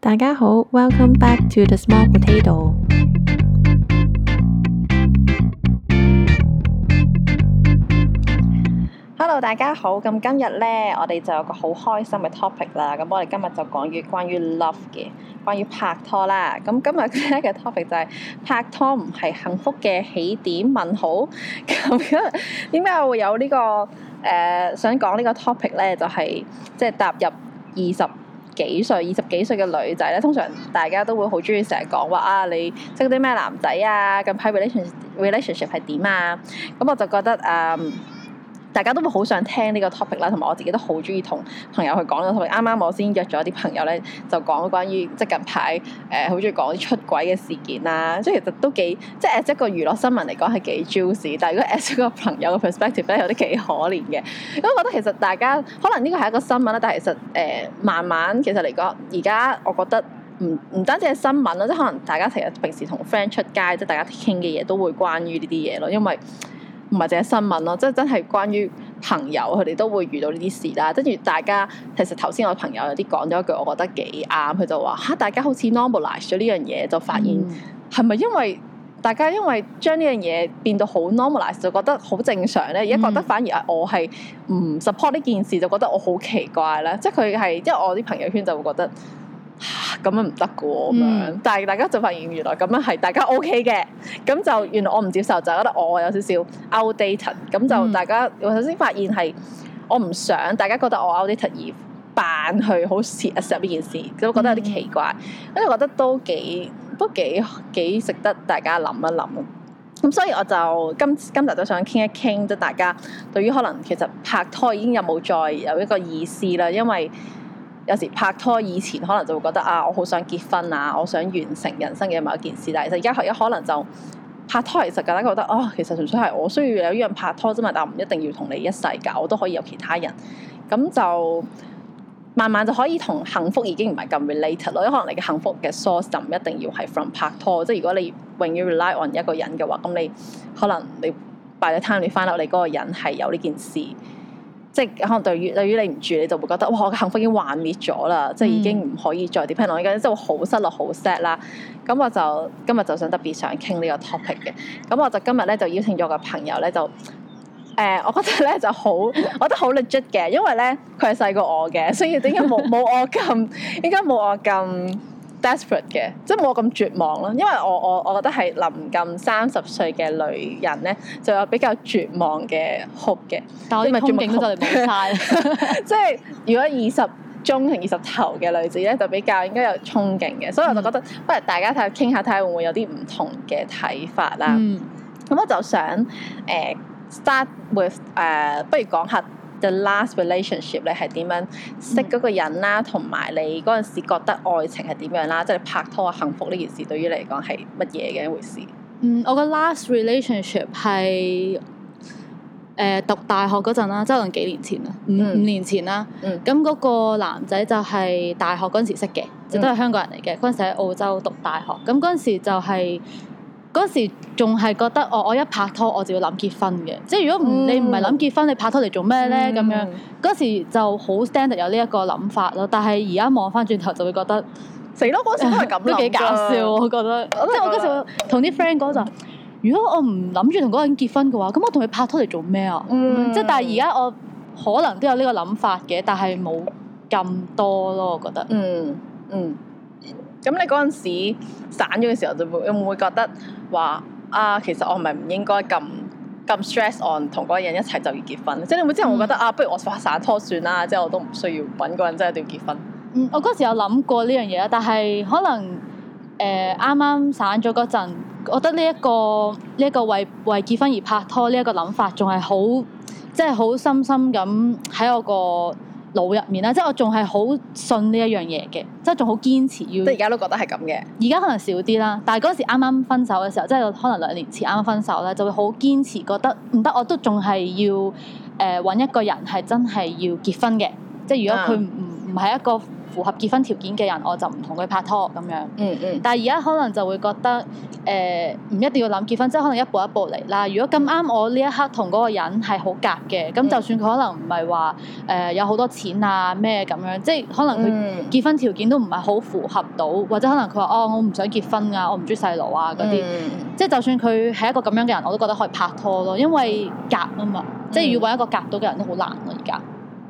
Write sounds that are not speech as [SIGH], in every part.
大家好，Welcome back to the Small Potato。Hello，大家好。咁今日咧，我哋就有個好開心嘅 topic 啦。咁我哋今日就講於關於 love 嘅，關於拍拖啦。咁今日今日嘅 topic 就係、是、拍拖唔係幸福嘅起點問號，咁樣，點解我會有呢、這個誒、呃、想講個呢個 topic 咧？就係即係踏入二十。幾歲二十幾歲嘅女仔咧，通常大家都會好鍾意成日講話啊，你識啲咩男仔啊，近排 relationship 係點啊？咁我就覺得啊。嗯大家都會好想聽呢個 topic 啦，同埋我自己都好中意同朋友去講呢個 topic。啱啱我先約咗啲朋友咧，就講關於即係近排誒好中意講啲出軌嘅事件啦。即係其實都幾即係 as 一個娛樂新聞嚟講係幾 juicy，但係如果 as 一個朋友嘅 perspective 咧，有啲幾可憐嘅。咁我覺得其實大家可能呢個係一個新聞啦，但係其實誒、呃、慢慢其實嚟講，而家我覺得唔唔單止係新聞啦，即係可能大家成日平時同 friend 出街，即係大家傾嘅嘢都會關於呢啲嘢咯，因為。唔係淨係新聞咯，即係真係關於朋友，佢哋都會遇到呢啲事啦。跟住大家其實頭先我朋友有啲講咗一句，我覺得幾啱。佢就話吓、啊，大家好似 normalize 咗呢樣嘢，就發現係咪、嗯、因為大家因為將呢樣嘢變到好 normalize 就覺得好正常咧？而家覺得反而係我係唔 support 呢件事，就覺得我好奇怪啦。即係佢係因為我啲朋友圈就會覺得。咁樣唔得噶喎咁樣，嗯、但係大家就發現原來咁樣係大家 OK 嘅，咁就原來我唔接受就覺得我有少少 outdated 咁就大家我首先發現係我唔想大家覺得我 outdated 而扮去好似 accept 呢件事，咁覺得有啲奇怪，跟住、嗯、覺得都幾都幾幾值得大家諗一諗咁所以我就今今日就想傾一傾，即係大家對於可能其實拍拖已經有冇再有一個意思啦，因為。有時拍拖以前可能就會覺得啊，我好想結婚啊，我想完成人生嘅某一件事。但係其實而家可有可能就拍拖其實噶啦，覺得哦、啊，其實純粹係我需要有一樣拍拖啫嘛，但唔一定要同你一世㗎，我都可以有其他人。咁就慢慢就可以同幸福已經唔係咁 related 咯。因為可能你嘅幸福嘅 source 就唔一定要係 from 拍拖。即係如果你永遠 rely on 一個人嘅話，咁你可能你擺咗 time 你翻落嚟嗰個人係有呢件事。即係可能對於，對於你唔住，你就會覺得哇！我嘅幸福已經幻滅咗啦，即係已經唔可以再點樣。譬如我依家真係好失落，好 sad 啦。咁我就今日就想特別想傾呢個 topic 嘅。咁我就今日咧就邀請咗個朋友咧，就誒我覺得咧就好，我覺得好 legit 嘅，因為咧佢係細過我嘅，所以點解冇，冇我咁？點解冇我咁？desperate 嘅，即係冇咁絕望咯，因為我我我覺得係臨近三十歲嘅女人咧，就有比較絕望嘅 hope 嘅。但 e 我嘅， [LAUGHS] [LAUGHS] 啲咪憧憬都真係冇晒。即係如果二十中同二十頭嘅女子咧，就比較應該有憧憬嘅，所以我就覺得、嗯、不如大家睇下傾下，睇下會唔會有啲唔同嘅睇法啦。咁、嗯、我就想誒、呃、start with 誒、uh,，不如講下。The last relationship 咧係點樣識嗰個人啦，同埋、嗯、你嗰陣時覺得愛情係點樣啦，即係拍拖啊、幸福呢件事對於你嚟講係乜嘢嘅一回事？嗯，我個 last relationship 係誒、呃、讀大學嗰陣啦，即係可能幾年前啦，五五年前啦、嗯。嗯。咁嗰個男仔就係大學嗰陣時識嘅，就都係香港人嚟嘅。嗰陣時喺澳洲讀大學，咁嗰陣時就係。嗯嗯。嗰時仲係覺得我，我我一拍拖我就要諗結婚嘅，即係如果唔你唔係諗結婚，嗯、你拍拖嚟做咩咧？咁樣嗰、嗯、時就好 standard 有呢一個諗法咯。但係而家望翻轉頭就會覺得，死咯嗰時都係咁， [LAUGHS] 都幾搞笑， [LAUGHS] 我覺得。 [LAUGHS] 即係我嗰時同啲 friend 講就，如果我唔諗住同嗰個人結婚嘅話，咁我同佢拍拖嚟做咩啊？即係、嗯、但係而家我可能都有呢個諗法嘅，但係冇咁多咯，我覺得。嗯嗯。嗯咁你嗰陣時散咗嘅時候，就會會唔會覺得話啊，其實我唔係唔應該咁咁 stress on 同嗰個人一齊就要結婚，即係你有冇之後會即係會覺得、嗯、啊，不如我發散拖算啦，即係我都唔需要揾嗰人，真係要結婚。嗯，我嗰時有諗過呢樣嘢，但係可能誒啱啱散咗嗰陣，覺得呢一個呢一個為為結婚而拍拖呢一個諗法，仲係好即係好深深咁喺我個腦入面啦，即係我仲係好信呢一樣嘢嘅，即係仲好堅持要。即係而家都覺得係咁嘅。而家可能少啲啦，但係嗰時啱啱分手嘅時候，即係可能兩年前啱啱分手咧，就會好堅持覺得唔得，我都仲係要誒搵、呃、一個人係真係要結婚嘅，即係如果佢唔唔係一個。符合結婚條件嘅人，我就唔同佢拍拖咁樣。嗯嗯。嗯，但係而家可能就會覺得，誒、呃、唔一定要諗結婚，即係可能一步一步嚟啦。如果咁啱，我呢一刻同嗰個人係好夾嘅，咁、嗯、就算佢可能唔係話誒有好多錢啊咩咁樣，即係可能佢結婚條件都唔係好符合到，或者可能佢話哦，我唔想結婚啊，我唔中意細路啊嗰啲。嗯、即係就算佢係一個咁樣嘅人，我都覺得可以拍拖咯，因為夾啊嘛，即係、嗯、要揾一個夾到嘅人都好難咯而家。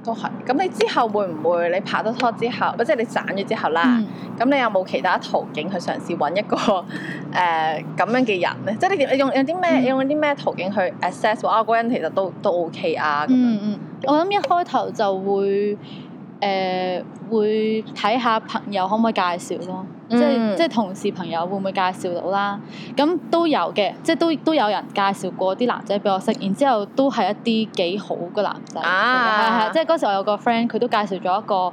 都係，咁你之後會唔會你拍咗拖，拖之後，即係你散咗之後啦，咁、嗯、你有冇其他途徑去嘗試揾一個誒咁、呃、樣嘅人咧？即係你用有、嗯、你用啲咩用啲咩途徑去 assess 哇嗰人其實都都 OK 啊？嗯嗯，我諗一開頭就會誒、呃、會睇下朋友可唔可以介紹咯。嗯、即係即係同事朋友會唔會介紹到啦？咁都有嘅，即係都都有人介紹過啲男仔俾我識，然之後都係一啲幾好嘅男仔。啊，係係，即係嗰時我有個 friend，佢都介紹咗一個。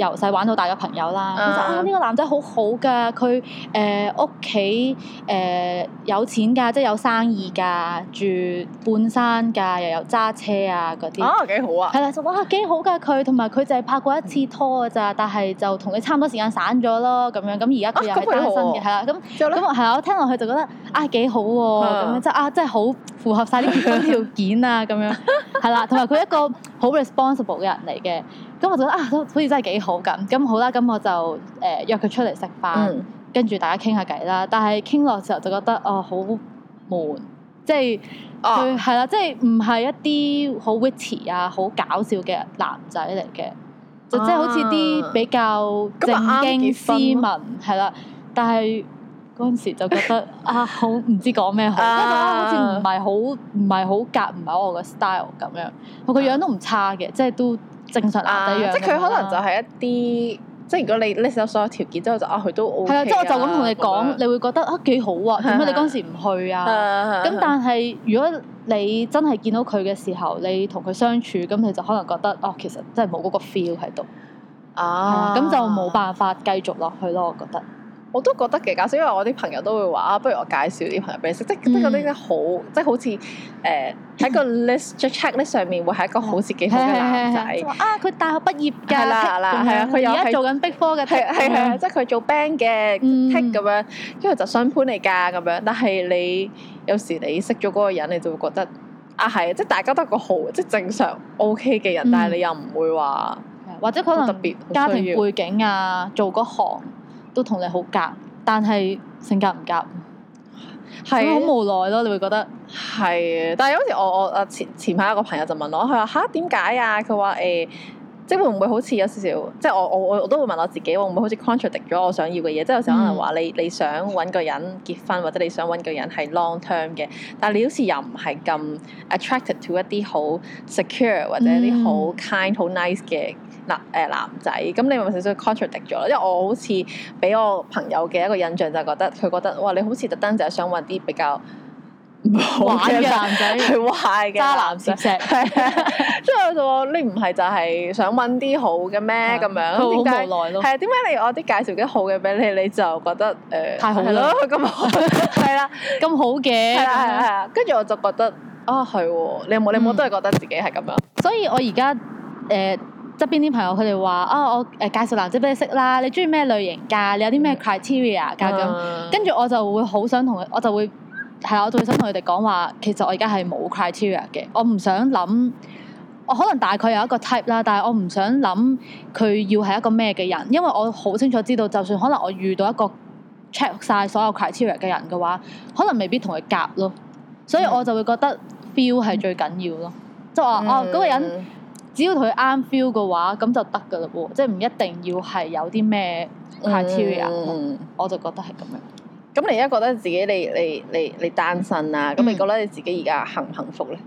由細玩到大嘅朋友啦，佢就啊呢個男仔好好㗎，佢誒屋企誒有錢㗎，即係有生意㗎，住半山㗎，又有揸車啊嗰啲。啊，幾好啊！係啦，就哇幾好㗎佢，同埋佢就係拍過一次拖㗎咋，但係就同佢差唔多時間散咗咯，咁樣咁而家佢又係單身嘅，係啦咁咁係啦，我聽落去就覺得啊幾好喎，咁樣即係啊真係好符合曬啲條件啊咁樣，係啦，同埋佢一個好 responsible 嘅人嚟嘅。咁我就啊，好似真係幾好咁。咁、啊、好啦，咁我就誒、呃、約佢出嚟食飯，跟住、嗯、大家傾下偈啦。但係傾落時候就覺得哦、啊、好悶，即係佢係啦，即係唔係一啲好 witty 啊，好搞笑嘅男仔嚟嘅，就即、是、係、啊、好似啲比較正經斯文係啦。但係嗰陣時就覺得啊，好唔知講咩好，好似唔係好唔係好夾，唔係我個 style 咁樣。我個樣都唔差嘅，即係都。正常樣啊，即係佢可能就係一啲，嗯、即係如果你 list 所有條件之後，就啊佢都 O。啊，OK、啊即係我就咁同你講，啊、你會覺得啊幾好啊，點解、啊、你嗰時唔去啊？咁、啊啊啊、但係如果你真係見到佢嘅時候，你同佢相處，咁你就可能覺得啊，其實真係冇嗰個 feel 喺度啊，咁、啊、就冇辦法繼續落去咯，我覺得。我都覺得幾搞笑，因為我啲朋友都會話啊，不如我介紹啲朋友俾你識，即係覺得啲好，即係好似誒喺個 list check 呢上面會係一個好自己好嘅男仔 [LAUGHS] 啊，佢大學畢業㗎，係啦係啦，係啊、嗯，佢而家做緊 B 科嘅，係係係，即係佢做 band 嘅、嗯、t 咁樣，因為就雙盤嚟㗎咁樣。但係你有時你識咗嗰個人，你就會覺得啊係，即係大家都係個好即係正常 OK 嘅人，嗯、但係你又唔會話或者可能特家庭背景啊，做嗰行。都同你好夾，但係性格唔夾，係好是無奈咯。你會覺得係啊，但係有時我我啊前前排一個朋友就問我，佢話吓，點解啊？佢話誒，即係會唔會好似有少少，即係我我我，我都會問我自己，會唔會好似 contradict 咗我想要嘅嘢？即係有時可能話你、嗯、你想揾個人結婚，或者你想揾個人係 long term 嘅，但係你好似又唔係咁 attracted to 一啲好 secure 或者一啲好 kind 好 nice 嘅。嗱男仔，咁你咪咪少少 contradict 咗啦，因為我好似俾我朋友嘅一個印象就係覺得佢覺得哇，你好似特登就係想揾啲比較玩嘅男仔去壞嘅渣男石石，係即係我話你唔係就係想揾啲好嘅咩咁樣，佢好無奈咯，係啊，點解你我啲介紹啲好嘅俾你，你就覺得誒太好咯咁好係啦，咁好嘅係啊係啊，跟住我就覺得啊係喎，你有冇你有冇都係覺得自己係咁樣？所以，我而家誒。側邊啲朋友佢哋話：啊、哦，我誒介紹男仔俾你識啦，你中意咩類型㗎？你有啲咩 criteria 㗎咁？跟住、mm. 我就會好想同佢，我就會係啊，我就會想同佢哋講話，其實我而家係冇 criteria 嘅，我唔想諗。我可能大概有一個 type 啦，但係我唔想諗佢要係一個咩嘅人，因為我好清楚知道，就算可能我遇到一個 check 晒所有 criteria 嘅人嘅話，可能未必同佢夾咯。所以我就會覺得 feel 係、mm. 最緊要咯，即係話啊嗰個人。只要佢啱 feel 嘅話，咁就得㗎喇喎，即係唔一定要係有啲咩 criteria 啊，我就覺得係咁樣。咁、嗯、你而家覺得自己你你你你單身啊？咁、嗯、你覺得你自己而家幸唔幸福咧？誒、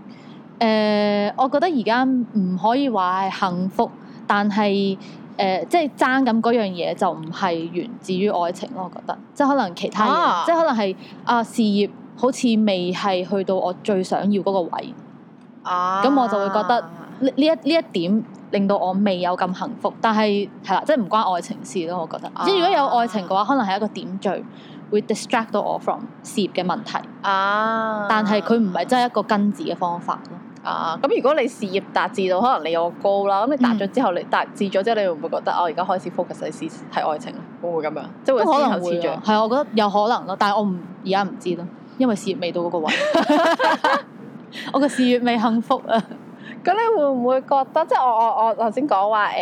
呃，我覺得而家唔可以話係幸福，但係誒，即係爭緊嗰樣嘢就唔係源自於愛情咯。我覺得即係可能其他嘢，啊、即係可能係啊事業，好似未係去到我最想要嗰個位。啊，咁我就會覺得。呢一呢一點令到我未有咁幸福，但係係啦，即係唔關愛情事咯。我覺得，啊、即係如果有愛情嘅話，可能係一個點綴，會 distract 到我 from 事業嘅問題。啊！但係佢唔係真係一個根治嘅方法咯。啊！咁如果你事業達至到可能你有高啦，咁你達咗之後，嗯、你達至咗之後，你會唔會覺得我而家開始 focus 喺事喺愛情啊？會唔會咁樣？即係會之可後始終係我覺得有可能咯，但係我唔而家唔知咯，因為事業未到嗰個位，我個事業未幸福啊！咁你會唔會覺得即係我我我頭先講話誒，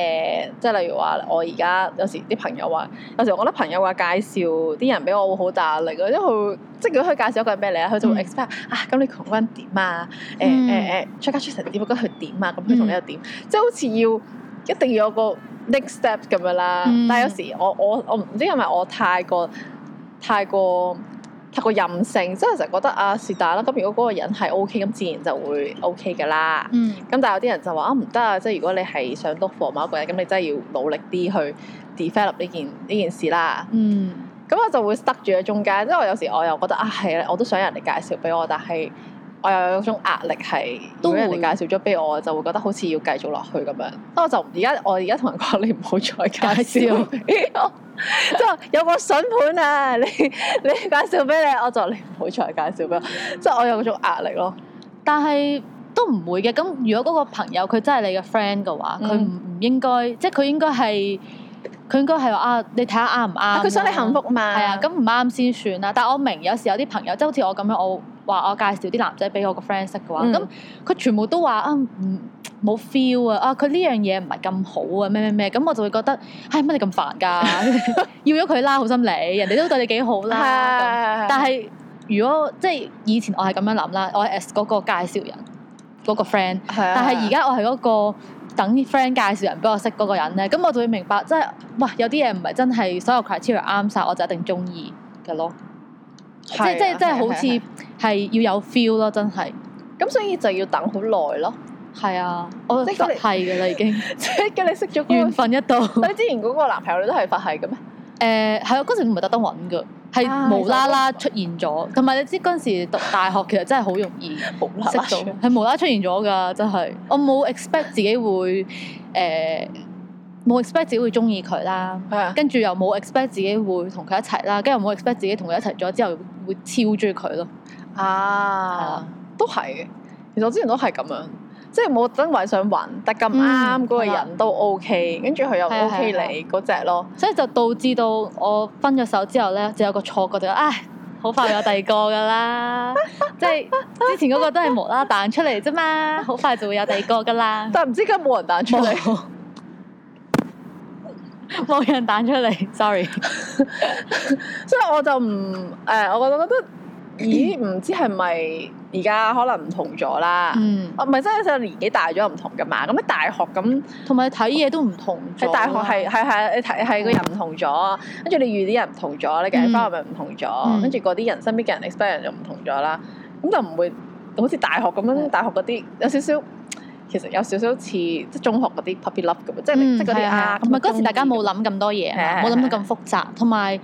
即係、欸、例如話我而家有時啲朋友話，有時我覺得朋友話介紹啲人俾我會好大壓力，啊。因為佢即係如果佢介紹一個人俾你 per,、嗯、啊，佢就會 expect 啊，咁你同嗰人點啊？誒誒誒，check out person 點，咁佢點啊？咁佢同你又點？嗯、即係好似要一定要有個 next step 咁樣啦。嗯、但係有時我我我唔知係咪我太過太過。太過任性，即係成日覺得啊是但啦，咁如果嗰個人係 O K，咁自然就會 O K 嘅啦。咁、嗯、但有啲人就話啊唔得啊，即係如果你係想突破某一個人，咁你真係要努力啲去 develop 呢件呢件事啦。咁、嗯、我就會塞住喺中間，因為有時我又覺得啊係，我都想人哋介紹俾我，但係。我又有種壓力係，都會如果人哋介紹咗俾我，就會覺得好似要繼續落去咁樣。不過就而家我而家同人講，你唔好再介紹俾我。即係 [LAUGHS] [LAUGHS] 有個筍盤啊， [LAUGHS] 你你介紹俾你，我就你唔好再介紹俾我。即係 [LAUGHS] [LAUGHS] 我有嗰種壓力咯。但係都唔會嘅。咁如果嗰個朋友佢真係你嘅 friend 嘅話，佢唔唔應該，即係佢應該係。佢應該係話啊，你睇下啱唔啱？佢想你幸福嘛？係啊，咁唔啱先算啦，啊。但係我明有時有啲朋友，即係好似我咁樣，我話我介紹啲男仔俾我個 friend 識嘅話，咁佢、嗯、全部都話啊，唔、嗯、冇 feel 啊，啊佢呢樣嘢唔係咁好啊，咩咩咩，咁我就會覺得，唉、哎、乜你咁煩㗎？ [LAUGHS] [LAUGHS] 要咗佢啦，好心你，人哋都對你幾好啦。 [LAUGHS] 但係如果即係以前我係咁樣諗啦，我係嗰個介紹人嗰、嗰個 friend，啊、但係而家我係嗰、嗰個。等啲 friend 介紹人俾我識嗰個人咧，咁我就會明白，即係，哇！有啲嘢唔係真係所有 criteria 啱晒，我就一定中意嘅咯。啊、即係即係即係好似係要有 feel 咯，真係。咁所以就要等好耐咯。係啊，我即係佛系㗎喇，已經。即係跟你識咗個緣分一度，你之前嗰個男朋友你都係佛系嘅咩？誒係、呃、啊，嗰陣唔係特登揾嘅。係無啦啦出現咗，同埋你知嗰陣時讀大學其實真係好容易識到，係 [LAUGHS] 無啦出現咗噶，真係，我冇 expect 自己會誒冇、呃、expect 自己會中意佢啦，啊、跟住又冇 expect 自己會同佢一齊啦，跟住又冇 expect 自己同佢一齊咗之後會超中意佢咯，啊，啊都係嘅，其實我之前都係咁樣。即係我真係想揾，得咁啱嗰個人都 OK，跟住佢又 OK 你嗰隻咯，所以就導致到我分咗手之後咧，就有個錯覺就話，唉，好快有第二個噶啦，即係、 [LAUGHS] 即係、之前嗰個都係無啦彈出嚟啫嘛，好快就會有第二個噶啦。 [LAUGHS] 但係唔知點解冇人彈出嚟有，冇 [LAUGHS] 人彈出嚟 [LAUGHS] ，sorry。 [LAUGHS] 所以我就唔，誒，我覺得覺得。咦？唔知係咪而家可能唔同咗啦？啊，唔係，真係上年紀大咗唔同㗎嘛？咁喺大學咁，同埋睇嘢都唔同。喺大學係係係，你睇係個人唔同咗，跟住你遇啲人唔同咗，你嘅翻咪唔同咗，跟住嗰啲人身邊嘅人 experience 又唔同咗啦。咁就唔會好似大學咁樣，大學嗰啲有少少，其實有少少似即係中學嗰啲 puppy love 嘅，即係即係嗰啲啊。咁啊，嗰時大家冇諗咁多嘢，冇諗到咁複雜，同埋。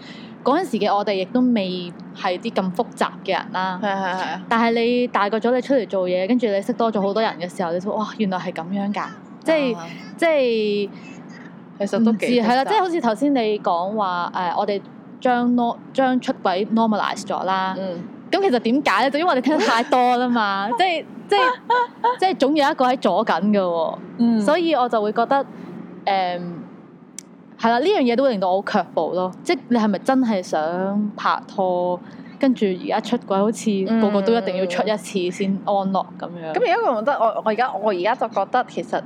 嗰陣時嘅我哋亦都未係啲咁複雜嘅人啦，係係係。但係你大個咗，你出嚟做嘢，跟住你識多咗好多人嘅時候，你話哇，原來係咁樣㗎，即係、啊、即係是其實都係啦、嗯，即係好似頭先你講話誒、呃，我哋將 n 出軌 normalise 咗啦。嗯。咁其實點解咧？就因為我哋聽得太多啦嘛， [LAUGHS] 即係即係即係總有一個喺左近嘅喎。嗯、所以我就會覺得誒。嗯係啦，呢樣嘢都會令到我卻步咯。即係你係咪真係想拍拖？跟住而家出軌，好似個個都一定要出一次先安樂咁樣。咁而家我覺得，我我而家我而家就覺得其實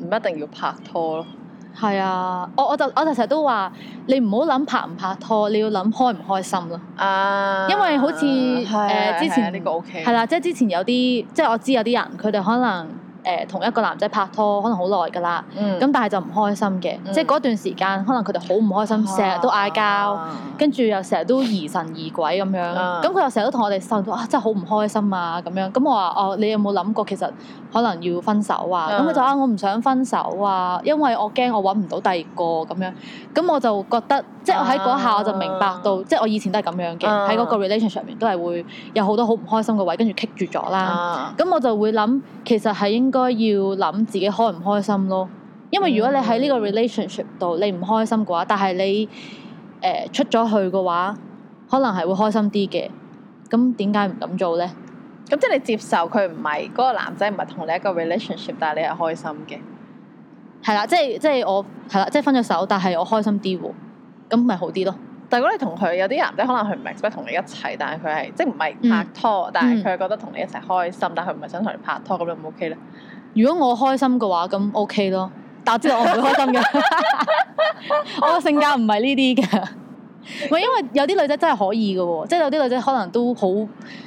唔一定要拍拖咯。係啊，我我就我就成日都話你唔好諗拍唔拍拖，你要諗開唔開心咯。啊，因為好似誒、啊、唉之前呢、欸呢個 OK 係啦，即係之前有啲即係我知有啲人佢哋可能。誒同一個男仔拍拖，可能好耐㗎啦，咁、嗯、但係就唔開心嘅，嗯、即係嗰段時間，可能佢哋好唔開心，成日都嗌交，啊、跟住又成日都疑神疑鬼咁樣，咁佢、啊、又成日都同我哋呻，哇、啊！真係好唔開心啊咁樣，咁我話哦、啊，你有冇諗過其實可能要分手啊？咁佢、啊、就啊，我唔想分手啊，因為我驚我揾唔到第二個咁樣，咁我就覺得，即係我喺嗰下我就明白到，啊啊、即係我以前都係咁樣嘅，喺嗰、啊、個 relation 上面都係會有好多好唔開心嘅位，跟住棘住咗啦，咁、啊啊、我就會諗，其實係應應該要諗自己開唔開心咯，因為如果你喺呢個 relationship 度你唔開心嘅話，但係你誒、呃、出咗去嘅話，可能係會開心啲嘅。咁點解唔咁做咧？咁、嗯、即係你接受佢唔係嗰個男仔唔係同你一個 relationship，但係你係開心嘅，係啦、嗯，即係即係我係啦，即係、嗯、分咗手，但係我開心啲喎，咁咪好啲咯。但如果你同佢有啲男仔可能佢唔明，佢同你一齊，但係佢係即係唔係拍拖，嗯、但係佢係覺得同你一齊開心，但係佢唔係想同你拍拖，咁，你唔 OK 咧？如果我開心嘅話，咁 OK 咯。但我知道我唔會開心嘅， [LAUGHS] [LAUGHS] 我嘅性格唔係呢啲嘅。唔 [LAUGHS] 因為有啲女仔真係可以嘅喎，即係有啲女仔可能都好，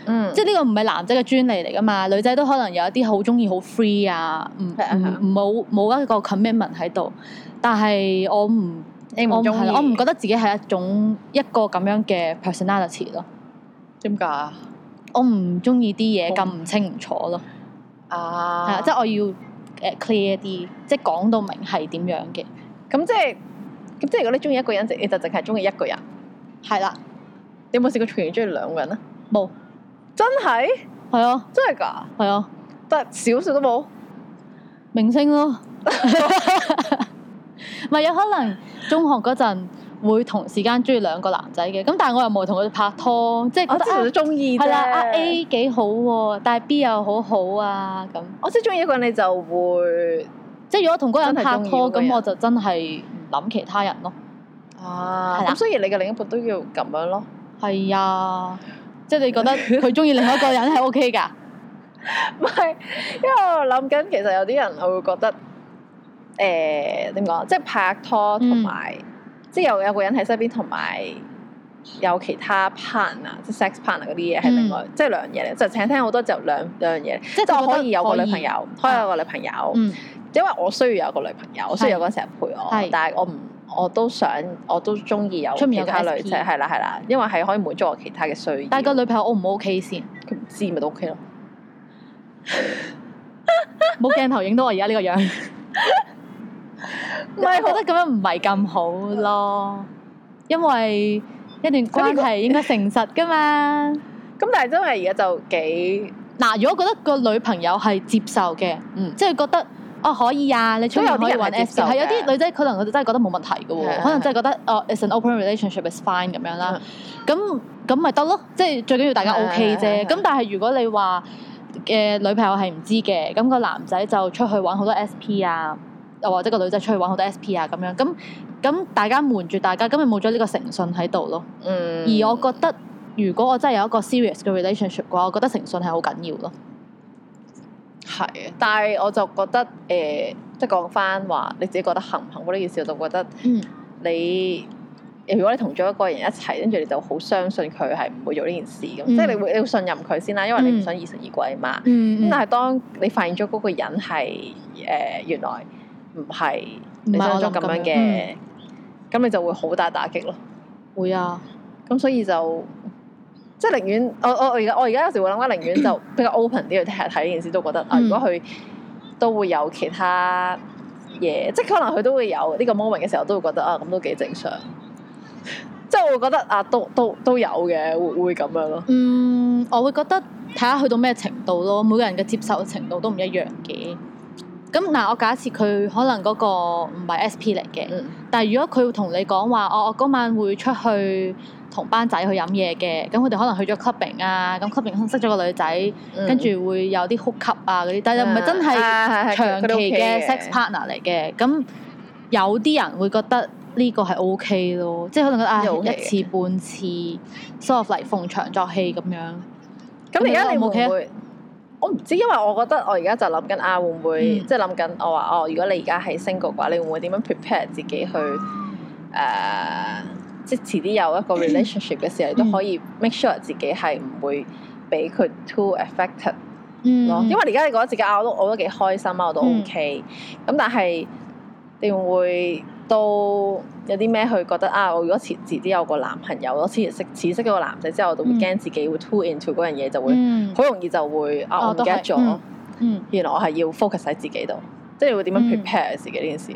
嗯、即係呢個唔係男仔嘅專利嚟噶嘛，女仔都可能有一啲好中意好 free 啊，唔冇冇一個 commitment 喺度，但係我唔。我係我唔覺得自己係一種一個咁樣嘅 personality 咯。點解啊？我唔中意啲嘢咁唔清唔楚咯。啊，係啊，即係我要誒 clear 啲，即係講到明係點樣嘅。咁即係咁即係，如果你中意一個人，就就淨係中意一個人。係啦，你有冇試過完全中意兩個人啊？冇，真係？係啊，真係㗎，係啊，但係少少都冇明星咯。唔係有可能中學嗰陣會同時間中意兩個男仔嘅，咁但係我又冇同佢哋拍拖，即係覺得中意係啦阿 A 幾好喎，啊，但係 B 又好好啊咁。我即係中意一個人，你就會即係如果同嗰人拍拖，咁我就真係唔諗其他人咯。啊，咁的所以你嘅另一半都要咁樣咯。係啊的， [LAUGHS] 即係你覺得佢中意另外一個人係 OK 㗎？唔係， [LAUGHS] 因為我諗緊，其實有啲人我會覺得。誒，點講，即係拍拖同埋，即係有有個人喺身邊，同埋有其他 partner，即係 sex partner 嗰啲嘢係另外，即係兩樣嘢嚟。就請聽好多就兩兩樣嘢，即係我可以有個女朋友，可以有個女朋友，因為我需要有個女朋友，我需要有個人成日陪我。但係我唔，我都想，我都中意有出面其他女仔。係啦係啦，因為係可以滿足我其他嘅需要。但係個女朋友 O 唔 O K 先？佢唔知咪都 O K 咯。冇鏡頭影到我而家呢個樣。唔係，覺得咁樣唔係咁好咯， [LAUGHS] 因為一段關係應該誠實噶嘛。咁 [LAUGHS] 但係真係而家就幾嗱，如果覺得個女朋友係接受嘅，嗯，即係覺得哦可以啊，你出邊可以揾 S P，係有啲女仔可能佢真係覺得冇問題嘅喎，可能真係覺得哦、uh,，it's an open relationship is fine 咁樣啦。咁咁咪得咯，即係最緊要大家 OK 啫。咁但係如果你話嘅女朋友係唔知嘅，咁、那個男仔就出去揾好多 S P 啊。又或者個女仔出去玩好多 SP 啊咁樣，咁咁大家瞞住大家，咁咪冇咗呢個誠信喺度咯。嗯。而我覺得，如果我真係有一個 serious 嘅 relationship 嘅話，我覺得誠信係好緊要咯。係啊，但係我就覺得誒，即係講翻話你自己覺得幸唔幸呢件事，我就覺得，嗯、你如果你同咗一個人一齊，跟住你就好相信佢係唔會做呢件事咁，即係、嗯嗯、你會你會信任佢先啦，因為你唔想疑神疑鬼啊嘛。咁、嗯嗯嗯嗯、但係當你發現咗嗰個人係誒、呃、原來。原來唔係是你想做咁樣嘅，咁、嗯、你就會好大打擊咯。會啊，咁所以就即係、就是、寧願我我我而家我而家有時會諗啦，寧願就比較 open 啲去睇下睇呢件事，都覺得啊，如果佢都會有其他嘢，嗯、即係可能佢都會有呢個 moment 嘅時候，都會覺得啊，咁都幾正常。 [LAUGHS] 即係我會覺得啊，都都都有嘅，會會咁樣咯。嗯，我會覺得睇下去到咩程度咯，每個人嘅接受程度都唔一樣嘅。咁嗱，我假設佢可能嗰個唔係 S.P. 嚟嘅，嗯、但係如果佢會同你講話，哦，我嗰晚會出去同班仔去飲嘢嘅，咁佢哋可能去咗 clubbing 啊，咁 clubbing 識咗個女仔，嗯、跟住會有啲呼吸啊嗰啲，但係又唔係真係長期嘅 sex partner 嚟嘅，咁有啲人會覺得呢個係 O.K. 咯，即係可能覺得啊、哎、一次半次，所 sort 嚟 of、like、逢場作戲咁樣。咁而家你會唔會？嗯 okay? 我唔知，因為我覺得我而家就諗緊啊，會唔會、嗯、即係諗緊我話哦，如果你而家喺 single 嘅話，你會唔會點樣 prepare 自己去誒、呃？即係遲啲有一個 relationship 嘅時候，你都可以 make sure 自己係唔會俾佢 too affected 咯。嗯、因為而家你覺得自己啊，我都我都幾開心啊，我都 OK、嗯。咁但係你會唔會？都有啲咩去覺得啊？我如果遲遲啲有個男朋友，我遲識遲識咗個男仔之後，我就會驚自己會 too into 嗰樣嘢，就會好容易就會啊！我唔記得咗。原來我係要 focus 喺自己度，即係會點樣 prepare 自己呢件事？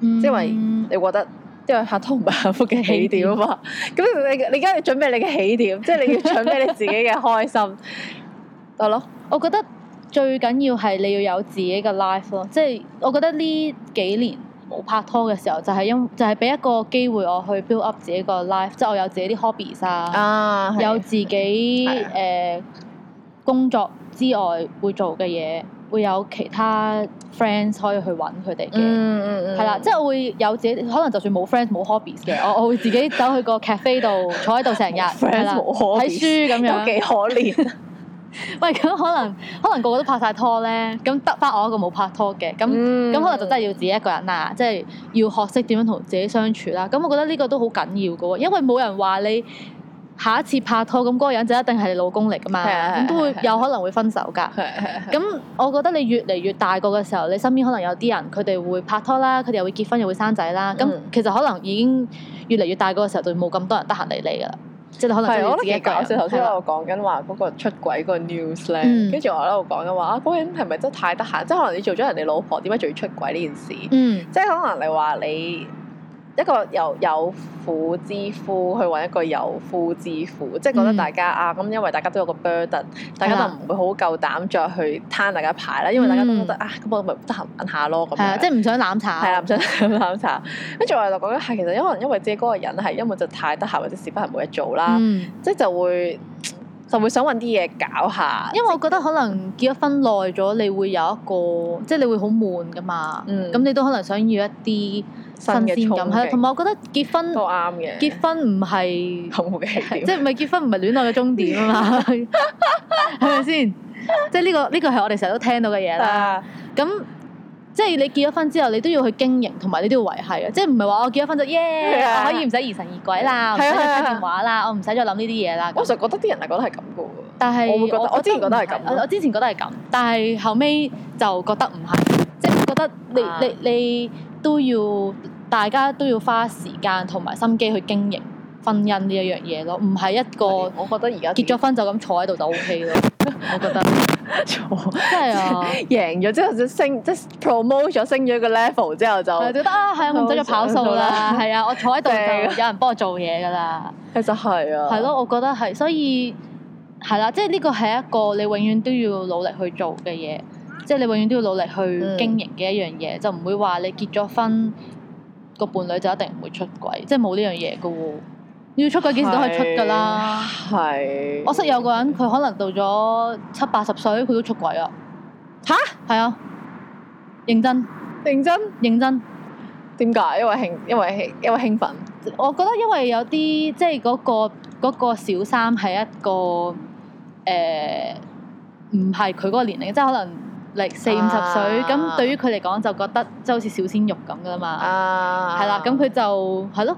即因為你覺得，因為拍拖唔係幸福嘅起點啊嘛。咁你你你而家要準備你嘅起點，即係你要準備你自己嘅開心。係咯，我覺得最緊要係你要有自己嘅 life 咯。即係我覺得呢幾年。冇拍拖嘅時候，就係、是、因就係俾一個機會我去 build up 自己個 life，即係我有自己啲 hobbies 啊，啊有自己誒、啊呃、工作之外會做嘅嘢，會有其他 friends 可以去揾佢哋嘅，係啦、嗯，即、嗯、係、啊就是、我會有自己，可能就算冇 friends 冇 hobbies 嘅，我 [LAUGHS] 我會自己走去個 cafe 度坐喺度成日，係啦沒 friends,、啊，睇書咁樣有幾可憐。 [LAUGHS] 喂，咁可能可能個個都拍晒拖咧，咁得翻我一個冇拍拖嘅，咁咁、嗯、可能就真係要自己一個人啦，即、就、係、是、要學識點樣同自己相處啦。咁我覺得呢個都好緊要㗎喎，因為冇人話你下一次拍拖，咁、那、嗰個人就一定係你老公嚟噶嘛，咁都會有可能會分手㗎。咁我覺得你越嚟越大個嘅時候，你身邊可能有啲人佢哋會拍拖啦，佢哋又會結婚又會生仔啦。咁、嗯、其實可能已經越嚟越大個嘅時候，就冇咁多人得閒嚟你㗎啦。即係我覺得自己一個人。係，我覺得幾搞笑。頭先我講緊話嗰個出軌個 news 咧，跟住我喺度講緊話啊，嗰個人係咪真係太得閒？即係可能你做咗人哋老婆，點解仲要出軌呢件事？嗯，即係可能你話你。一個有有婦之夫去揾一個有夫之婦，即係覺得大家、嗯、啊咁，因為大家都有個 burden，大家就唔會好夠膽再去攤大家牌啦，因為大家都覺得、嗯、啊，咁我咪得閒玩下咯咁樣。即係唔想攬茶。係啊，唔、嗯、想攬茶。跟住我哋就講一下，其實因為因為自己嗰個人係因為就太得閒或者時不時冇嘢做啦，嗯、即係就會。就會想揾啲嘢搞下，因為我覺得可能結咗婚耐咗，即你會有一個即係、就是、你會好悶噶嘛。咁、嗯、你都可能想要一啲新鮮感。同埋我覺得結婚都啱嘅。結婚唔係好嘅，即係唔係，結婚唔係戀愛嘅終點啊嘛？係咪先？即係呢個呢個係我哋成日都聽到嘅嘢啦。咁但。即係你結咗婚之後，你都要去經營，同埋你都要維係啊！即係唔係話我結咗婚就耶，yeah! 我可以唔使疑神疑鬼啦，唔使的再出電話啦，的我唔使再諗呢啲嘢啦。我就覺得啲人係覺得係咁噶喎。但係我之前覺得係咁。我之前覺得係咁，但係後尾就覺得唔係， [NOISE] 即係覺得你、嗯、你你,你,你都要大家都要花時間同埋心機去經營。婚姻呢一樣嘢咯，唔係一個、OK。我覺得而家結咗婚就咁坐喺度就 O K 咯，我覺得。 [LAUGHS] 坐。係啊。 [LAUGHS] 贏咗之後就是、升，即、就是、promote 咗升咗個 level 之後就。 [LAUGHS] 就覺得啊，係唔使再跑數啦，係啊，我坐喺度就有人幫我做嘢噶啦。 [LAUGHS] 其實係啊。係咯， [LAUGHS] 我覺得係，所以係啦，即係呢、就是、個係一個你永遠都要努力去做嘅嘢，即係、就是、你永遠都要努力去經營嘅一樣嘢，嗯、就唔會話你結咗婚個伴侶就一定唔會出軌，即係冇呢樣嘢噶喎。要出軌幾時都可以出噶啦！係，我識有個人，佢可能到咗七八十歲，佢都出軌啦。吓？係啊，認真，認真，認真。點解？因為興，因為興，因為興奮。我覺得因為有啲即係嗰、嗰個嗰個嗰個小三係一個誒，唔係佢嗰個年齡，即係可能嚟四五十歲，咁、啊、對於佢嚟講就覺得即係好似小鮮肉咁噶啦嘛，係、啊、啦，咁佢就係咯。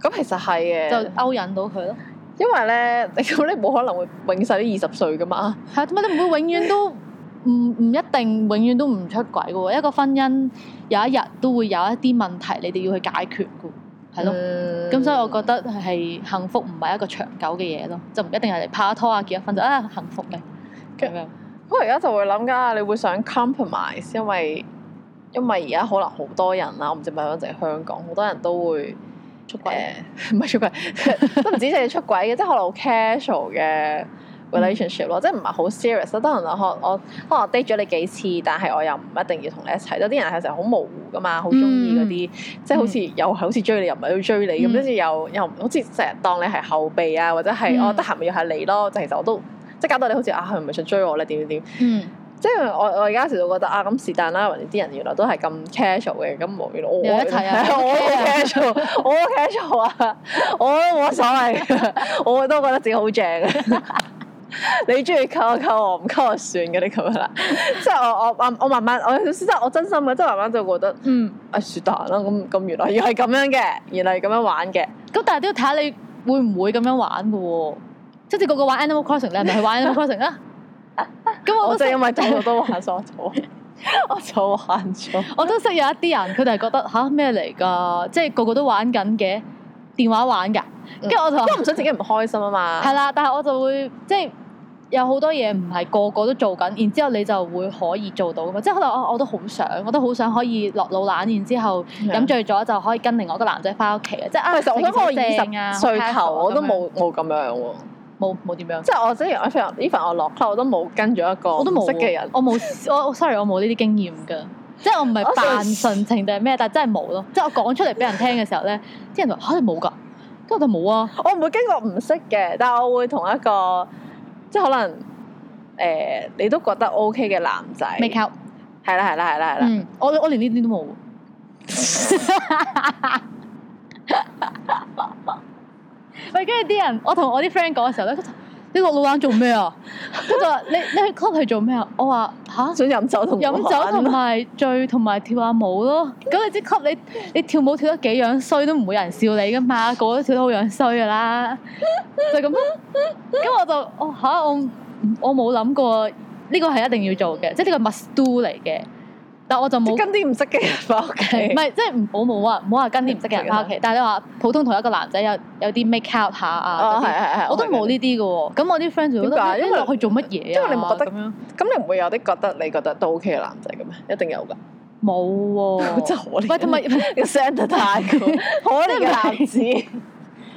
咁其實係嘅，就勾引到佢咯。因為咧，你冇你冇可能會永世都二十歲㗎嘛？係啊，點解你唔會永遠都唔唔 [LAUGHS] 一定永遠都唔出軌嘅喎？一個婚姻有一日都會有一啲問題，你哋要去解決嘅，係咯。咁、嗯、所以我覺得係幸福唔係一個長久嘅嘢咯，就唔一定係嚟拍拖啊結婚就啊幸福嘅。咁 [LAUGHS] 樣，咁我而家就會諗㗎，你會想 compromise，因為因為而家可能好多人啦，我唔知咪知喺唔喺香港，好多人都會。出軌唔係出軌，都唔止淨係出軌嘅，即 [LAUGHS] 係可能好 casual 嘅 relationship 咯，嗯、即係唔係好 serious。有啲人可能我可能 date 咗你幾次，但係我又唔一定要同你一齊。有啲人係成日好模糊噶嘛，嗯、好中意嗰啲，即係好似又好似追你，又唔係去追你咁，跟住、嗯、又又好似成日當你係後備啊，或者係我得閒咪要下你咯。就其實我都即係搞到你好似啊，佢唔係想追我咧，點點點。即係我我而家時就覺得啊咁是但啦，人哋啲人原來人都係咁 casual 嘅，咁無原來我一 [LAUGHS] 我 casual， [LAUGHS] 我 casual，我 casual 啊，我都冇乜所謂， [LAUGHS] [LAUGHS] 我都覺得自己好正，啊。 [LAUGHS] [LAUGHS] 你中意扣就扣我，唔扣我，我算嘅，你咁樣啦。即 [LAUGHS] 係 [LAUGHS] [LAUGHS] [LAUGHS] [LAUGHS] [LAUGHS] 我我慢我，我慢慢，我真我真心嘅，即係慢慢就覺得嗯誒是但啦，咁咁原來要係咁樣嘅，原來係咁樣玩嘅。咁但係都要睇下你會唔會咁樣玩嘅喎？即係你個個玩 Animal Crossing，你係咪去玩 Animal Crossing 啊？ [LAUGHS] 咁我即係因為做都玩錯咗， [LAUGHS] 我錯玩咗。我都識有一啲人，佢哋係覺得吓咩嚟噶？即係個個都玩緊嘅電話玩噶，跟住、嗯、我就即係唔想自己唔開心啊嘛。係啦， [LAUGHS] 但係我就會即係有好多嘢唔係個個都做緊，然之後你就會可以做到。即係可能我我，我都好想，我都好想可以落老懶，然之後飲醉咗就可以跟另外一個男仔翻屋企啊！即係啊，我想我二十歲頭我都冇冇咁樣喎。冇冇點樣？即係我之前 even 我落 club 我，我都冇跟咗一個唔識嘅人，我冇我，我 sorry 我冇呢啲經驗嘅，即係我唔係扮純情定係咩？但係真係冇咯。即係我講出嚟俾人聽嘅時候咧，啲 [LAUGHS] 人話嚇、啊、你冇㗎、啊，跟住我就冇啊。我唔會經過唔識嘅，但係我會同一個即係可能誒、呃、你都覺得 OK 嘅男仔，未溝係啦係啦係啦係啦。我我連呢啲都冇。 [LAUGHS] [LAUGHS] 喂，跟住啲人，我同我啲 friend 講嘅時候咧，佢就呢個老闆做咩啊？佢就話：你你，你去 club 係做咩啊？我話嚇，想飲酒同飲酒同埋醉同埋跳下舞咯。咁 [LAUGHS] 你即 club 你你跳舞跳得幾樣衰都唔會有人笑你噶嘛？個個都跳得好樣衰噶啦， [LAUGHS] 就咁咯。咁 [LAUGHS] 我就、哦啊、我嚇我我冇諗過呢、這個係一定要做嘅，即係呢個 must do 嚟嘅。但我就冇跟啲唔識嘅人翻屋企，唔係即係我冇啊，唔好話跟啲唔識嘅人翻屋企。但係你話普通同一個男仔有有啲 make out 下啊，我都冇呢啲㗎喎。咁我啲 friend 就覺得因為去做乜嘢？因為你冇覺得咁，咁你唔會有啲覺得你覺得都 OK 嘅男仔咁咩？一定有㗎，冇喎，真可憐。唔係同埋你聲得太高，可憐嘅男子，即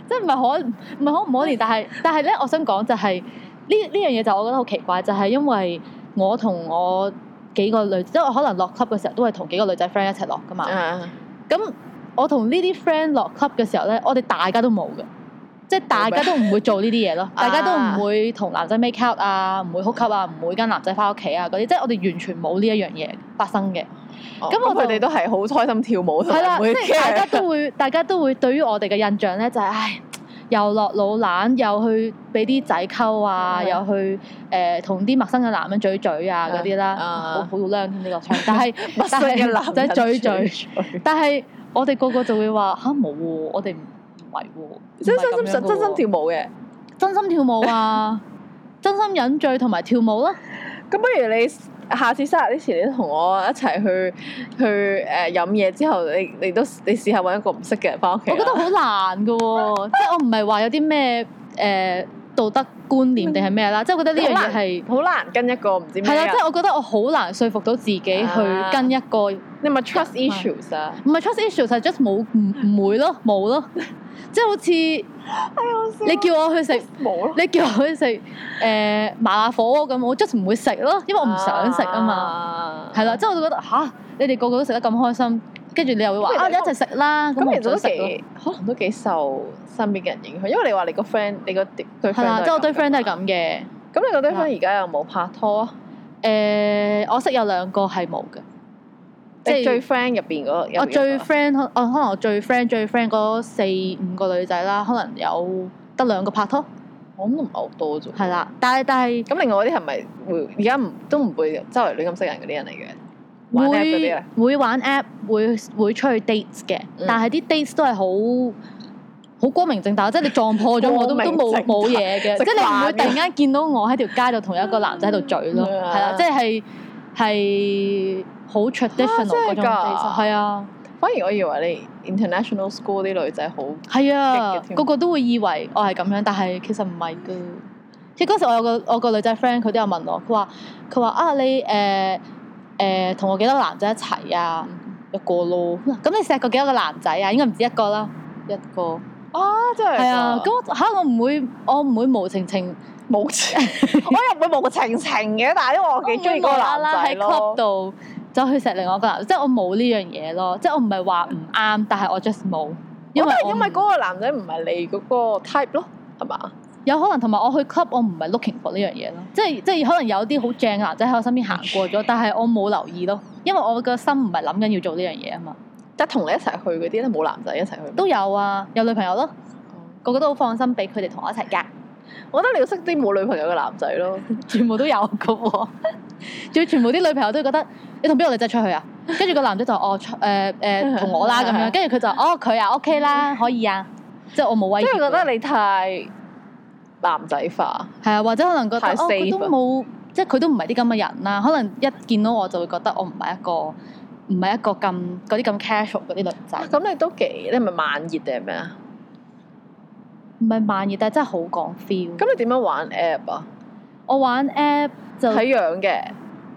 係唔係可唔係可唔可憐？但係但係咧，我想講就係呢呢樣嘢就我覺得好奇怪，就係因為我同我，幾個女，因為我可能落 club 嘅時候都係同幾個女仔 friend 一齊落噶嘛。咁、uh, 我同呢啲 friend 落 club 嘅時候咧，我哋大家都冇嘅，即係大家都唔會做呢啲嘢咯。 [LAUGHS] uh, 大家都唔會同男仔 make out 啊，唔會哭吸啊，唔會跟男仔返屋企啊嗰啲，即係我哋完全冇呢一樣嘢發生嘅。咁、uh, 我哋都係好開心跳舞，都唔啦即係大， [LAUGHS] 大家都會，大家都會對於我哋嘅印象咧就係、是、唉。又落老懶，又去俾啲仔溝啊，的又去誒同啲陌生嘅男人嘴嘴啊嗰啲啦，好好靚呢個，但係 [LAUGHS] 陌生嘅男仔嘴嘴，但係我哋個個就會話吓，冇喎、 [LAUGHS] 啊啊，我哋唔係喎，真心真心跳舞嘅，啊、真心跳舞啊， [LAUGHS] 真心飲醉同埋跳舞啦、啊，咁不如你。下次生日之前，你都同我一齊去去誒、呃、飲嘢之後，你你都你試下揾一個唔識嘅人翻屋企。我覺得好難㗎喎、哦， [LAUGHS] 即係我唔係話有啲咩誒道德觀念定係咩啦， [LAUGHS] 即係我覺得呢樣嘢係好難跟一個唔知、 [LAUGHS] 啊。咩。係啦，即係我覺得我好難說服到自己去跟一個，啊、 [LAUGHS] 你咪 trust issues 啊？唔係 trust issues，係 just 冇唔唔會咯，冇咯。即係好似，哎、你叫我去食，你叫我去食誒、呃、麻辣火鍋咁，我 just 唔會食咯，因為我唔想食啊嘛。係啦、啊，即係我就覺得嚇，你哋個個都食得咁開心，跟住你又會話啊你一齊食啦。咁、嗯、這樣 其實都幾可能都幾受身邊嘅人影響，因為你話你個 friend 你個對係啦，即係我對 friend 都係咁嘅。咁你個對 friend 而家有冇拍拖啊？誒，我識有兩個係冇嘅。即係最 friend 入邊嗰，我、哦、最 friend、哦、可，能我最 friend 最 friend 嗰四五個女仔啦，可能有得兩個拍拖，我諗都唔係好多啫。係啦，但係但係是咁，另外嗰啲係咪會而家唔都唔會周圍亂咁識人嗰啲人嚟嘅？會會玩 app，會會出去 dates 嘅，嗯、但係啲 dates 都係好好光明正大，即、就、係、是、你撞破咗我都 [LAUGHS] 都冇冇嘢嘅，即係你唔會突然間見到我喺條街度同一個男仔喺度嘴咯，係、 [LAUGHS] 嗯啊、啦，即係。係。好 traditional 嗰種，係啊！是啊，反而我以為你 international school 啲女仔好，係啊，個個都會以為我係咁樣，但係其實唔係噶。即嗰時我有個我個女仔 friend，佢都有問我，佢話佢話啊，你誒誒同我幾多個男仔一齊啊？嗯、一個咯，咁你錫過幾多個男仔啊？應該唔止一個啦，一個。啊，真係！係啊，咁嚇我唔會，我唔會無情情冇情， [LAUGHS] 我又唔會無情情嘅。但係因為我幾中意個男喺 club 度。就去食另外一個男，即係我冇呢樣嘢咯，即係我唔係話唔啱，但係我 just 冇。我都係因為嗰個男仔唔係你嗰個 type 咯，係嘛？有可能同埋我去 club，我唔係 looking for 呢樣嘢咯，即係即係可能有啲好正嘅男仔喺我身邊行過咗，但係我冇留意咯，因為我個心唔係諗緊要做呢樣嘢啊嘛。即係同你一齊去嗰啲咧，冇男仔一齊去都有啊，有女朋友咯，個個都好放心俾佢哋同我一齊夾。我覺得你要識啲冇女朋友嘅男仔咯，全部都有㗎喎。仲要全部啲女朋友都覺得你同邊個女仔出去啊？跟住 [LAUGHS] 個男仔就哦出誒誒同我啦咁樣，跟住佢就哦佢啊 O、okay、K 啦，可以啊，即係我冇威。即係覺得你太男仔化，係啊，或者可能覺得 sa 哦，佢都冇，即係佢都唔係啲咁嘅人啦、啊。可能一見到我就會覺得我唔係一個唔係一個咁啲咁 casual 嗰啲女仔。咁、啊、你都幾？你係咪慢熱定係咩啊？唔係慢熱，但係真係好講 feel。咁你點樣玩 app 啊？我玩 app 就睇樣嘅。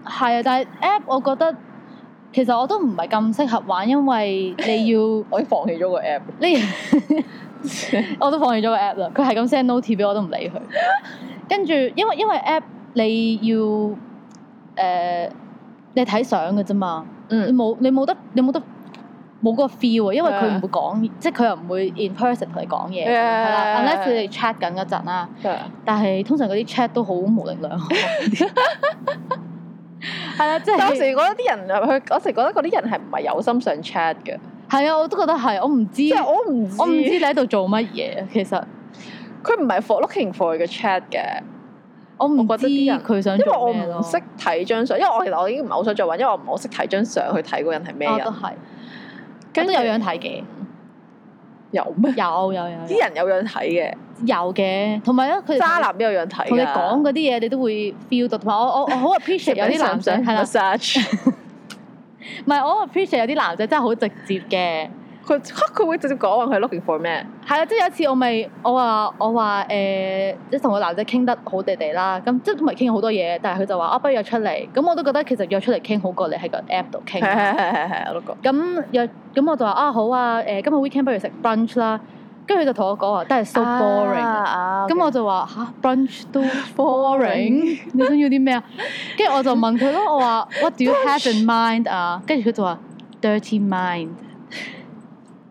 係啊，但係 app 我覺得其實我都唔係咁適合玩，因為你要 [LAUGHS] 我已經放棄咗個 app。你 [LAUGHS] 我都放棄咗個 app 啦。佢係咁 send note 俾我都唔理佢。 [LAUGHS] 跟住，因為因為 app 你要誒、呃、你睇相嘅啫嘛。嗯。冇你冇得你冇得。冇個 feel 喎，因為佢唔會講，即係佢又唔會 in person 同你講嘢，係啦 unless 佢哋 chat 緊嗰陣啦。但係通常嗰啲 chat 都好無力量。係啊，即係當時覺得啲人，佢我成日覺得嗰啲人係唔係有心想 chat 嘅？係啊，我都覺得係。我唔知，我唔，我唔知你喺度做乜嘢。其實佢唔係 for looking for 嘅 chat 嘅。我唔知佢想。因為我唔識睇張相，因為我其實我已經唔係好想再揾，因為我唔係好識睇張相去睇個人係咩人。咁都有樣睇嘅嗎，有咩？有有有，啲人有樣睇嘅，有嘅。同埋咧，佢渣男都有樣睇。佢哋講嗰啲嘢，你都會 feel 到。同埋我我我好 appreciate 有啲男仔，係啦 search 唔係，我，我好 appreciate [LAUGHS] 有啲男仔真係好直接嘅。 [LAUGHS] 佢嚇佢會直接講話佢 looking for 咩？係啊，即係有一次我咪我話我話誒、欸嗯，即係同個男仔傾得好地地啦，咁即係都咪傾好多嘢，但係佢就話啊，不如約出嚟，咁、嗯、我都覺得其實約出嚟傾好過你喺個 app 度傾。係我咁咁我就話啊好啊誒、呃，今日 weekend 不如食 brunch 啦，跟住佢就同我講話，都係 so boring、啊。咁、啊 okay。嗯、我就話嚇、啊、brunch 都 boring， [LAUGHS] 你想要啲咩啊？跟住我就問佢咯，我話 [LAUGHS] what do you have in mind 啊？跟住佢就話 dirty mind。 [LAUGHS]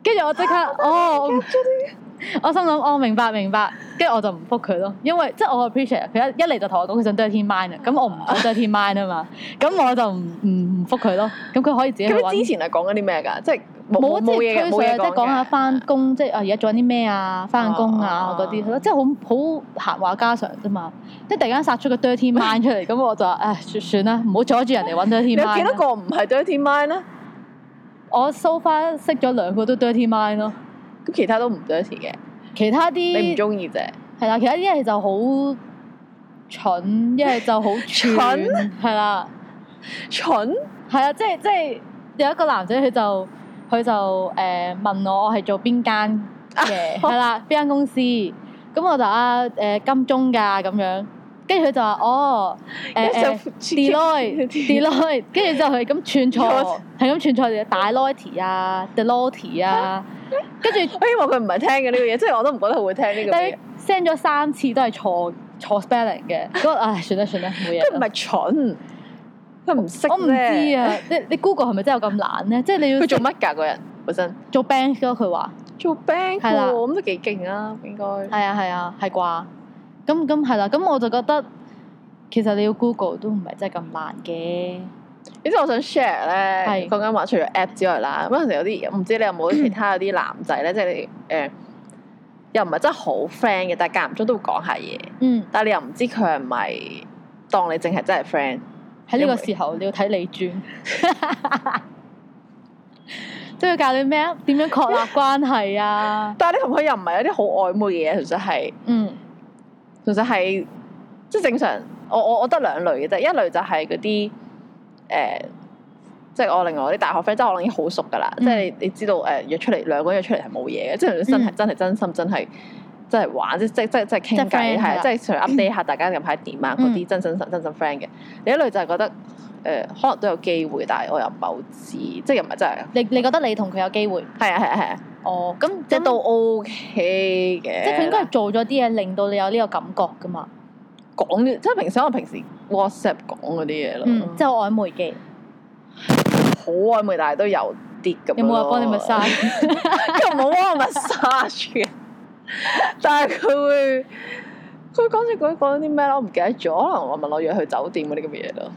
跟住我即刻， [LAUGHS] 哦，我，我心諗，哦，明白明白，跟住我就唔覆佢咯，因為即係、就是、我 appreciate 佢一一嚟就同我講佢想 dirty mind 嘅，咁我唔好 dirty mind 啊嘛，咁 [LAUGHS] 我就唔唔覆佢咯，咁佢可以自己去揾。之前係講緊啲咩㗎？即係冇沒即冇嘢㗎，即係講下返工， [LAUGHS] 即係啊而家做緊啲咩啊，返工啊嗰啲， [LAUGHS] 即係好好閒話家常啫嘛，即係突然間殺出個 dirty mind 出嚟，咁 [LAUGHS] 我就話誒算算啦，唔好阻住人哋揾 dirty mind、啊。你有幾多個唔係 dirty mind 呢、啊？我 so far 識咗兩個都 dirty mind 咯，咁其他都唔 dirty 嘅，其他啲你唔中意啫。係啦，其他啲係就好蠢，一係 [LAUGHS] 就好蠢，係啦的，蠢係啊！即係即係有一個男仔，佢就佢就誒問我，我，我係做邊間嘅係啦，邊間公司？咁我就啊誒、呃、金鐘㗎咁樣。跟住佢就話：哦，誒，Deloitte，Deloitte，跟住之後就係咁串錯，係咁串錯嚟大 lottie 啊，the lottie 啊，跟住我希望佢唔係聽嘅呢個嘢，即係我都唔覺得佢會聽呢個嘢。send 咗三次都係錯錯 spelling 嘅，咁唉，算啦算啦冇嘢。即係唔係蠢？佢唔識。我唔知啊，你你 Google 係咪真係有咁懶咧？即係你要佢做乜㗎？嗰人本身做 bank 咯，佢話做 bank 喎，咁都幾勁啊，應該。係啊係啊係啩。咁咁係啦，咁、啊、我就覺得其實你要 Google 都唔係真係咁難嘅。你知我想 share 咧？係講緊話，剛剛除咗 App 之外啦，嗰陣時有啲，唔知你有冇啲其他有啲男仔咧， [COUGHS] 即係你誒又唔係真係好 friend 嘅，但係間唔中都會講下嘢。嗯。但係、嗯、你又唔知佢係唔係當你淨係真係 friend？喺呢個時候你要睇你轉，即係要教你咩啊？點樣確立關係啊？ [COUGHS] 但係你同佢又唔係一啲好曖昧嘅嘢，其實係。嗯。其實係即係正常，我我我得兩類嘅啫，一類就係嗰啲誒，即、呃、係、就係、我另外啲大學 friend，即係我已經好熟噶啦，即係、嗯、你知道誒約出嚟兩個約出嚟係冇嘢嘅，即係真係真係真心真係真係玩即即即即傾偈係即係上嚟 update 下大家近排點啊嗰啲真、嗯、真真真心 friend 嘅，另一類就係覺得。誒可能都有機會，但係我又唔係好知，即係又唔係真係。你你覺得你同佢有機會？係啊係啊係啊！哦，咁都 OK 嘅。即係佢應該係做咗啲嘢，令到你有呢個感覺噶嘛？講即係平時我平時 WhatsApp 講嗰啲嘢咯。即係曖昧嘅，好曖昧，但係都有啲咁。有冇話幫你 massage？唔好話 massage 嘅，但係佢會佢講住講啲咩咯？唔記得咗。可能我問我約去酒店嗰啲咁嘅嘢咯。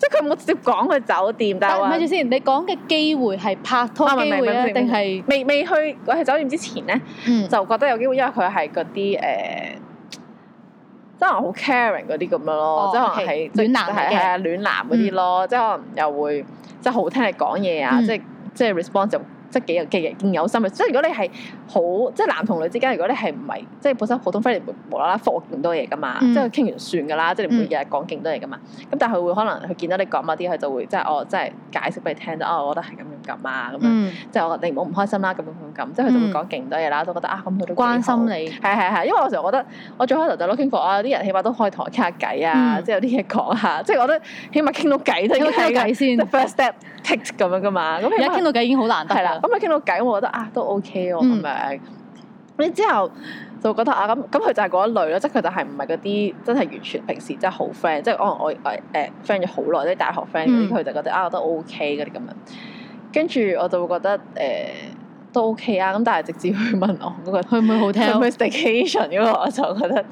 即係佢冇直接講去酒店，但係，等住先。你講嘅機會係拍拖機會啊，定係未未去去酒店之前咧，就覺得有機會，因為佢係嗰啲誒，真係好 caring 嗰啲咁樣咯，即係可能係係係啊，暖男嗰啲咯，即係可能又會即係好聽你講嘢啊，即係即係 responsive。即係幾有幾有有心嘅，即係如果你係好，即係男同女之間，如果你係唔係即係本身普通 friend 嚟，無啦啦覆我勁多嘢噶嘛，即係傾完算噶啦，即係你唔會日日講勁多嘢噶嘛。咁但係佢會可能佢見到你講某啲，佢就會即係我即係解釋俾你聽，就哦，我覺得係咁樣咁啊咁樣，即係我你唔好唔開心啦咁樣咁，即係佢就會講勁多嘢啦，都覺得啊咁佢都關心你係係係，因為我成日覺得我最開頭就攞傾貨啊，啲人起碼都可以同我傾下偈啊，即係有啲嘢講下，即係我覺得起碼傾到偈都傾到偈先，first step tick 咁樣噶嘛。咁而家傾到偈已經好難得啦。咁咪傾到偈，我覺得啊都 OK 哦、啊、咁、嗯、樣。你之後就會覺得啊咁咁佢就係嗰一類咯，即係佢就係唔係嗰啲真係完全平時真係好 friend，即係可能我我誒 friend 咗好耐啲大學 friend，咁佢就覺得啊都 OK 嗰啲咁樣。跟住我就會覺得誒都 OK 啊，咁但係直接去問我嗰個，佢會唔會好聽？staycation 嗰，我就覺得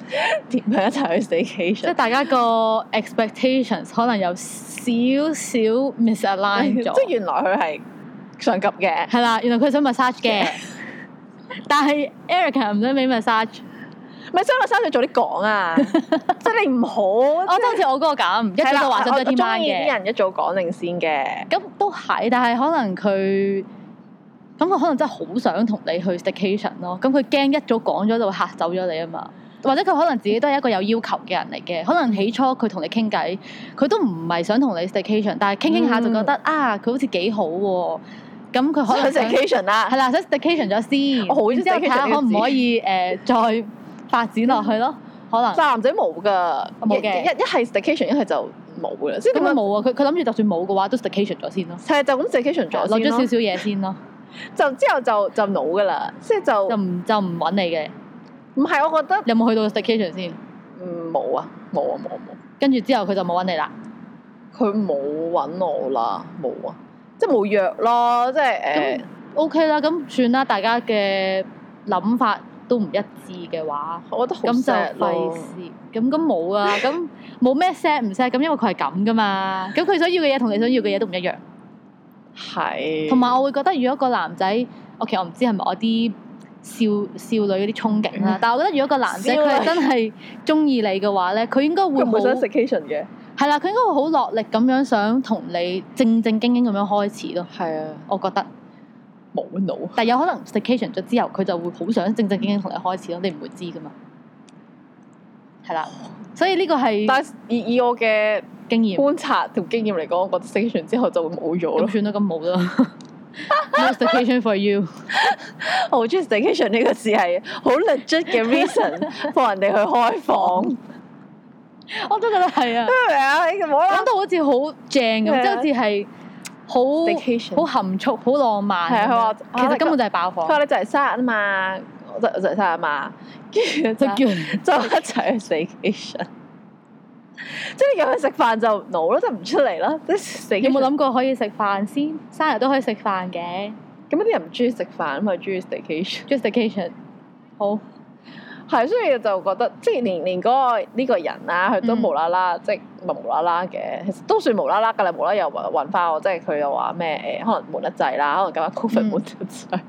點樣、呃 OK 啊、 [LAUGHS] 一齊去 staycation？即係大家個 expectations 可能有少少 misaligned。即係 [LAUGHS] 原來佢係。上級嘅，係啦。原來佢想 massage [LAUGHS] 嘅，但係 Erica 唔想俾 massage，咪想 massage 早啲講啊！即係你唔好，我都好似我哥咁，一早就話想做 TikTok 人，一早講定先嘅。咁都係，但係可能佢，咁佢可能真係好想同你去 Staycation 咯。咁佢驚一早講咗就會嚇走咗你啊嘛。 [LAUGHS] 或者佢可能自己都係一個有要求嘅人嚟嘅。可能起初佢同你傾偈，佢都唔係想同你 Staycation，但係傾傾下就覺得、嗯、啊，佢好似幾好喎。咁佢可能想 staycation 啦，係啦，想 staycation 咗先。我好想睇下可唔可以誒再發展落去咯，可能。男仔冇㗎，冇嘅。一一係 staycation，一係就冇㗎啦。即係點解冇啊？佢佢諗住就算冇嘅話，都 staycation 咗先咯。係啊，就咁 staycation 咗，落咗少少嘢先咯。就之後就就冇㗎啦，即係就就唔就唔揾你嘅。唔係，我覺得你有冇去到 staycation 先？冇啊，冇啊，冇啊，冇。跟住之後佢就冇揾你啦。佢冇揾我啦，冇啊。即係冇約咯，即係誒。O K 啦，咁、嗯 okay，算啦。大家嘅諗法都唔一致嘅話，我覺得好失費事。咁咁冇啊，咁冇咩錫唔錫？咁因為佢係咁㗎嘛。咁佢想要嘅嘢同你想要嘅嘢都唔一樣。係是。同埋我會覺得，如果個男仔，OK，我唔知係咪我啲少少女嗰啲憧憬啦。 [LAUGHS] 但係我覺得，如果個男仔佢女係真係中意你嘅話咧，佢應該會好。咁想 s i t 嘅。係啦，佢、嗯、應該會好落力咁樣想同你正正經經咁樣開始咯。係啊的，我覺得冇腦。No、但係有可能 station 咗之後，佢就會好想正正經經同你開始咯。你唔會知噶嘛？係啦、嗯，嗯、所以呢個係以我嘅經驗觀察同經驗嚟講，我覺得 station 之後就會冇咗咯。算啦，咁冇啦。No station for you。 [LAUGHS] 我好中意 station 呢個詞，係好 legit 嘅 reason 放人哋去開房。我都覺得係啊， [LAUGHS] 啊？你好啦。講到好似好正咁，即係好似係好好含蓄、好浪漫。係佢話，其實根本就係爆房。佢話你就係生日嘛，我就係、我就生日嘛，跟住 [LAUGHS] 就叫就一齊去 staycation。 [LAUGHS] [LAUGHS] 即係有去食飯就腦、no，啦，就唔出嚟啦。即係有冇諗過可以食飯先？生日都可以食飯嘅。咁啲人唔中意食飯，咁就中意 staycation，just staycation 好。係，所以就覺得即係連連嗰個呢個人啦，佢都無啦啦，即係冇無啦啦嘅，其實都算無啦啦㗎啦。無啦又揾揾翻我，即係佢又話咩誒，可能悶得滯啦，可能今日 covid 悶得滯，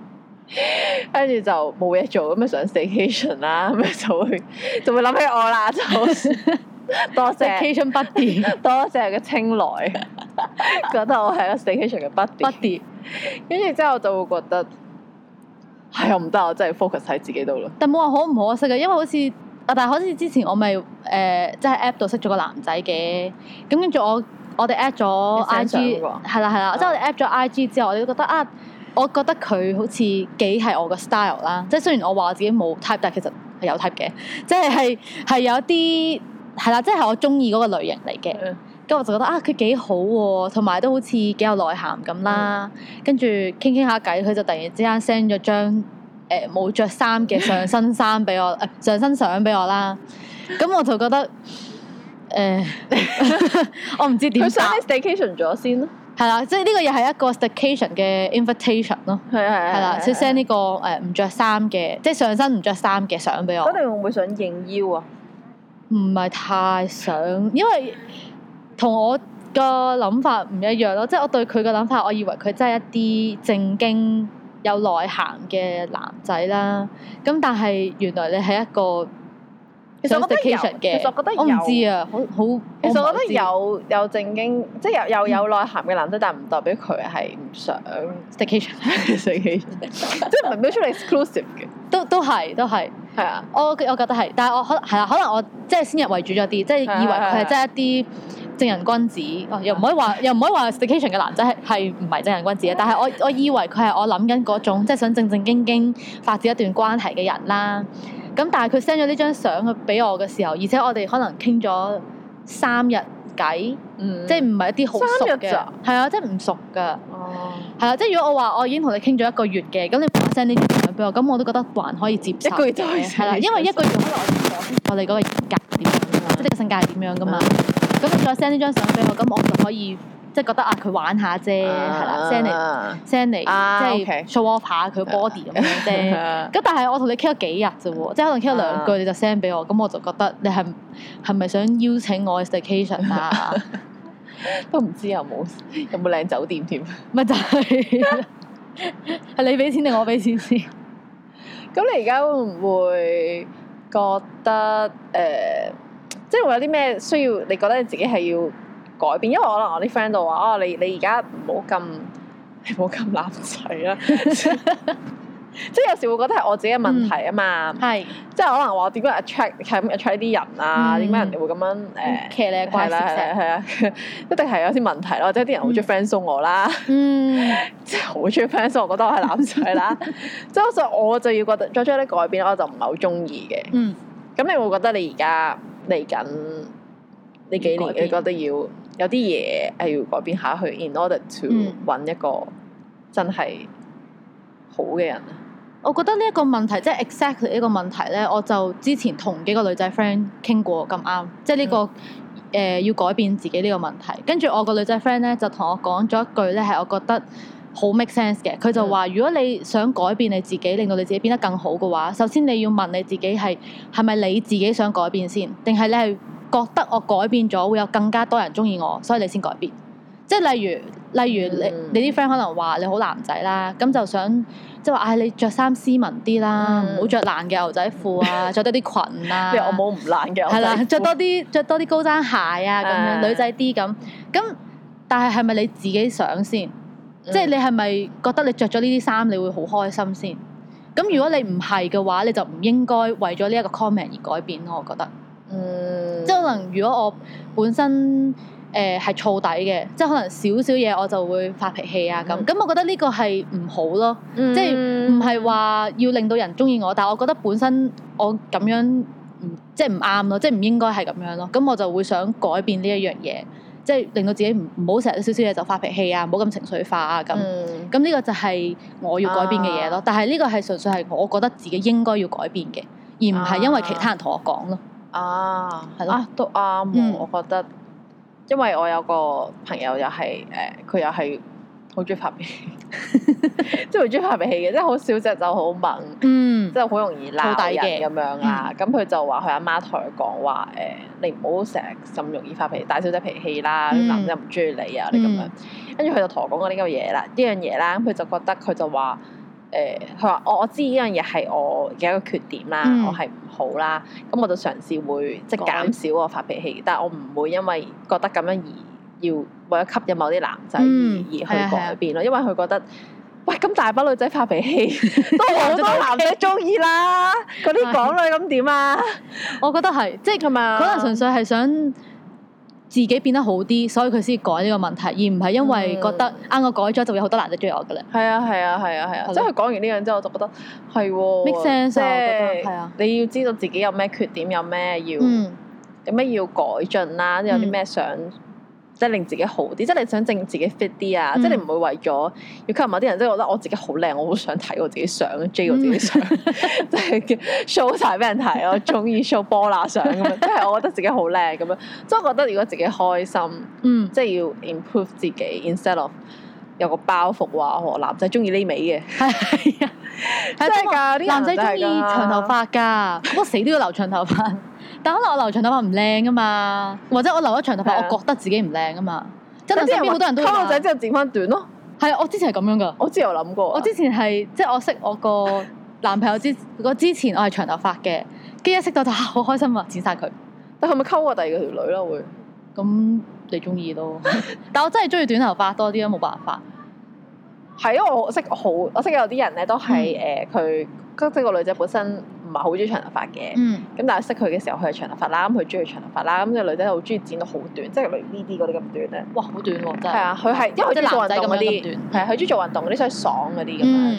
跟住就冇嘢做，咁咪上 station 啦，咁咪就會就會諗起我啦，就多謝 station buddy 多謝嘅青睞，覺得我係個 station 嘅 buddy 跟住之後就會覺得。係啊，我唔得，我真係 focus 喺自己度咯。但冇話可唔可惜嘅，因為好似啊，但係好似之前我咪誒、呃、即係 app 度識咗個男仔嘅，咁跟住我我哋 at 咗 IG 係啦係啦，的即係我哋 at 咗 IG 之後，我哋都覺得啊，我覺得佢好似幾係我個 style 啦。即係雖然我話自己冇 type，但係其實係有 type 嘅，即係係係有啲係啦，即係、就是、我中意嗰個類型嚟嘅。嗯。咁我就覺得啊，佢幾好喎、啊，同埋都好似幾有內涵咁啦。跟住傾傾下偈，佢就突然之間 send 咗張誒冇着衫嘅上身衫俾我，誒、 [LAUGHS] 呃、上身相俾我啦。咁我就覺得誒，呃、 [LAUGHS] [LAUGHS] 我唔知點。佢想 staycation 咗先咯答。係啦、啊，即係呢個又係一個 staycation 嘅 invitation 咯。係係係啦，佢 send 呢個誒唔著衫嘅，即係上身唔著衫嘅相俾我。咁你會唔會想應邀啊？唔係太想，因為。同我個諗法唔一樣咯，即係我對佢個諗法，我以為佢真係一啲正經有內涵嘅男仔啦。咁但係原來你係一個想 station 嘅，其實我覺得有，我唔知啊，好好。其實我覺得有有，有正經，即係又又有內涵嘅男仔，但係唔代表佢係唔想 station，station，即係唔係表出嚟 exclusive 嘅。都都係，都係，係啊。我我覺得係，但係我可能係啦，可能我即係先入為主咗啲，即係以為佢係真係一啲。正人君子，又唔可以話，又唔可以話 staycation 嘅男仔係唔係正人君子咧？但係我我以為佢係我諗緊嗰種，即係想正正經經發展一段關係嘅人啦。咁但係佢 send 咗呢張相俾我嘅時候，而且我哋可能傾咗三日偈，即係唔係一啲好熟嘅，係啊，即係唔熟噶。哦，係啊，即係如果我話我已經同你傾咗一個月嘅，咁你唔好 send 呢張相俾我，咁我都覺得還可以接受。一係啦，因為一個月可能我哋我哋嗰個性格點樣即係你嘅性格係點樣噶嘛。咁你再 send 呢張相俾我，咁我就可以即係覺得啊，佢玩下啫，係啦，send 嚟，send 嚟，即係 show off 下佢 body 咁樣啫。咁但係我同你傾咗幾日啫喎，即係可能傾咗兩句你就 send 俾我，咁我就覺得你係係咪想邀請我去 station 啊？都唔知有冇有冇靚酒店添？咪就係係你俾錢定我俾錢先？咁你而家會唔會覺得誒？即係會有啲咩需要？你覺得你自己係要改變？因為可能我啲 friend 度話：啊，你你而家唔好咁，你唔好咁男仔啦。即係有時會覺得係我自己嘅問題啊嘛。係。即係可能話點解 attract 吸 attract 啲人啊？點解人哋會咁樣誒？騎呢怪係係係啊，一定係有啲問題咯。即係啲人好中意 friend 送我啦。即係好中意 friend 送，我覺得我係男仔啦。即係我想我就要覺得再做啲改變，我就唔係好中意嘅。嗯。咁你會覺得你而家？嚟緊呢幾年，變你覺得要有啲嘢係要改變下去，in order to 揾，嗯、一個真係好嘅人。我覺得呢一個問題，即係 exactly 呢個問題呢，我就之前同幾個女仔 friend 傾過，咁啱，即係呢個誒、嗯呃、要改變自己呢個問題。跟住我個女仔 friend 呢，就同我講咗一句呢係我覺得。好 make sense 嘅，佢就話：如果你想改變你自己，令到你自己變得更好嘅話，首先你要問你自己係係咪你自己想改變先，定係你係覺得我改變咗會有更加多人中意我，所以你先改變。即係例如，例如、嗯、你你啲 friend 可能話你好男仔啦，咁就想即係話唉，你着衫斯文啲啦，唔好着爛嘅牛仔褲啊，著 [LAUGHS] 多啲裙啊， [LAUGHS] 我冇唔爛嘅，係啦，著多啲著多啲高踭鞋啊，咁、啊、咁樣女仔啲咁，咁但係係咪你自己想先？嗯、即係你係咪覺得你着咗呢啲衫你會好開心先？咁如果你唔係嘅話，你就唔應該為咗呢一個 comment 而改變咯。我覺得，嗯、即係可能如果我本身誒係燥底嘅，即係可能少少嘢我就會發脾氣啊咁。咁、嗯、我覺得呢個係唔好咯，嗯、即係唔係話要令到人中意我，但係我覺得本身我咁樣唔即係唔啱咯，即係唔應該係咁樣咯。咁我就會想改變呢一樣嘢。即係令到自己唔唔好成日有少少嘢就發脾氣啊，唔好咁情緒化啊咁。咁呢、嗯、個就係我要改變嘅嘢咯。但係呢個係純粹係我覺得自己應該要改變嘅，而唔係因為其他人同我講咯。啊，係咯。都啱、啊，嗯、我覺得。因為我有個朋友又係誒，佢又係好中意發脾氣。即係好中意發脾氣嘅，即係好小只就好猛，即係好容易鬧人咁樣啦。咁佢就話佢阿媽同佢講話：，誒、呃，你唔好成日咁容易發脾氣，大小只脾氣啦，男仔唔中意你啊，嗯、你咁樣。跟住佢就同我講過呢個嘢啦，呢樣嘢啦。咁佢就覺得佢就話，誒、呃，佢話我我知呢樣嘢係我嘅一個缺點啦，嗯、我係唔好啦。咁我就嘗試會即係減少我發脾氣，但係我唔會因為覺得咁樣而。要為咗吸引某啲男仔而去改變咯，因為佢覺得，喂，咁大把女仔發脾氣，都好多男仔中意啦。嗰啲港女咁點啊？我覺得係，即係佢咪可能純粹係想自己變得好啲，所以佢先改呢個問題，而唔係因為覺得啱我改咗就會有好多男仔追我噶啦。係啊，係啊，係啊，係啊！即係佢講完呢樣之後，我就覺得係喎，make sense，係啊，你要知道自己有咩缺點，有咩要，有咩要改進啦，有啲咩想。即係令自己好啲，即係你想正自己 fit 啲啊！嗯、即係你唔會為咗要吸引某啲人，即係覺得我自己好靚，我好想睇我自己相，追、嗯、我自己相，即係 show 晒俾人睇咯。中意 show 波拉相咁樣， [LAUGHS] 即係我覺得自己好靚咁樣，即係我覺得如果自己開心，嗯、即係要 improve 自己，instead of 有個包袱話，我男仔中意呢味嘅，係 [LAUGHS] 啊 [LAUGHS] 的，真係噶，男仔中意長頭髮噶， [LAUGHS] 我死都要留長頭髮。但可能我留長頭髮唔靚啊嘛，或者我留咗長頭髮我覺得自己唔靚啊嘛，的真係身邊好多人都係，女仔之後剪翻短咯。係啊，我之前係咁樣㗎。我，我，我之前有諗過。我之前係即係我識我個男朋友之，之前我係長頭髮嘅，跟一識到就好、哎、開心啊，剪晒佢。但佢咪溝過第二個條女啦會？咁你中意咯？但我真係中意短頭髮多啲咯，冇辦法。係因為我識好，我識有啲人咧都係誒，佢即整個女仔本身。 [LAUGHS] [LAUGHS] 唔係好中意長頭髮嘅，咁但係識佢嘅時候，佢係長頭髮啦。咁佢中意長頭髮啦。咁個女仔好中意剪到好短，即係類似呢啲嗰啲咁短咧。哇，好短喎！真係。係啊，佢係因為男仔咁嗰啲短，係啊，佢中意做運動嗰啲，所以爽嗰啲咁。嗯。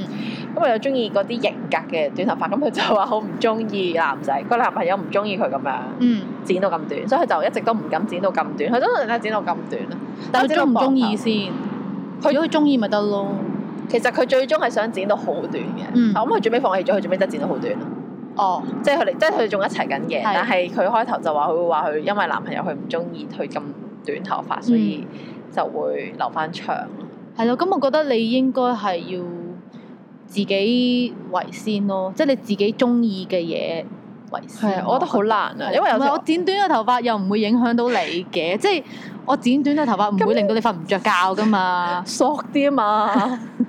咁佢又中意嗰啲型格嘅短頭髮，咁佢就話好唔中意男仔，個男朋友唔中意佢咁樣。剪到咁短，所以佢就一直都唔敢剪到咁短。佢都冇剪到剪到咁短啊！但係佢中唔中意先？佢如果中意咪得咯？其實佢最終係想剪到好短嘅。咁佢最尾放棄咗，佢最尾真係剪到好短。哦，oh. 即係佢哋，即係佢哋仲一齊緊嘅，但係佢開頭就話佢會話佢因為男朋友佢唔中意佢咁短頭髮，嗯、所以就會留返長。係咯，咁我覺得你應該係要自己為先咯，即係你自己中意嘅嘢為先。係啊，我覺得好難啊，的因為有時的我剪短嘅頭髮又唔會影響到你嘅，即係 [LAUGHS] 我剪短嘅頭髮唔會令到 [LAUGHS] 你瞓唔着覺㗎嘛，索啲嘛。 [LAUGHS]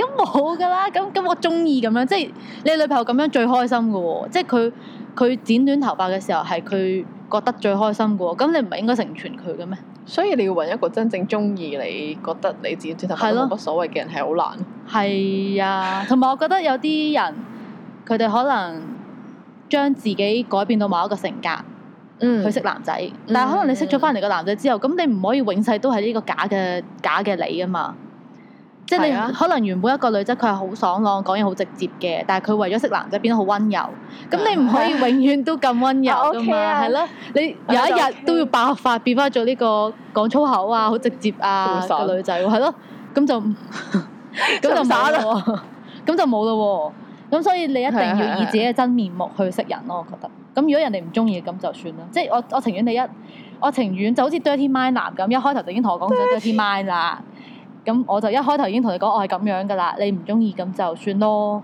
咁冇噶啦，咁咁我中意咁樣，即係你女朋友咁樣最開心嘅喎，即係佢佢剪短頭髮嘅時候係佢覺得最開心嘅喎，咁你唔係應該成全佢嘅咩？所以你要揾一個真正中意你，覺得你剪短頭髮都冇乜所謂嘅人係好難。係啊，同埋我覺得有啲人佢哋 [LAUGHS] 可能將自己改變到某一個性格，嗯，去識男仔，但係可能你識咗翻嚟個男仔之後，咁、嗯、你唔可以永世都係呢個假嘅假嘅你啊嘛。即係你、啊、可能原本一個女仔，佢係好爽朗、講嘢好直接嘅，但係佢為咗識男仔變得好溫柔。咁你唔可以永遠都咁溫柔㗎嘛？係咯，你有一日都要爆發，變翻做呢個講粗口啊、好直接啊嘅女仔喎，係咯，咁就咁 [LAUGHS] 就冇啦，咁 [LAUGHS] 就冇啦喎。咁所以你一定要以自己嘅真面目去識人咯，啊，我覺得。咁如果人哋唔中意，咁就算啦。即係我我情願你一我情願就好似 Dirty Mind 男咁，一開頭就已經同我講咗對 Dirty Mind 啦。咁我就一開頭已經同你講我係咁樣噶啦，你唔鍾意咁就算咯。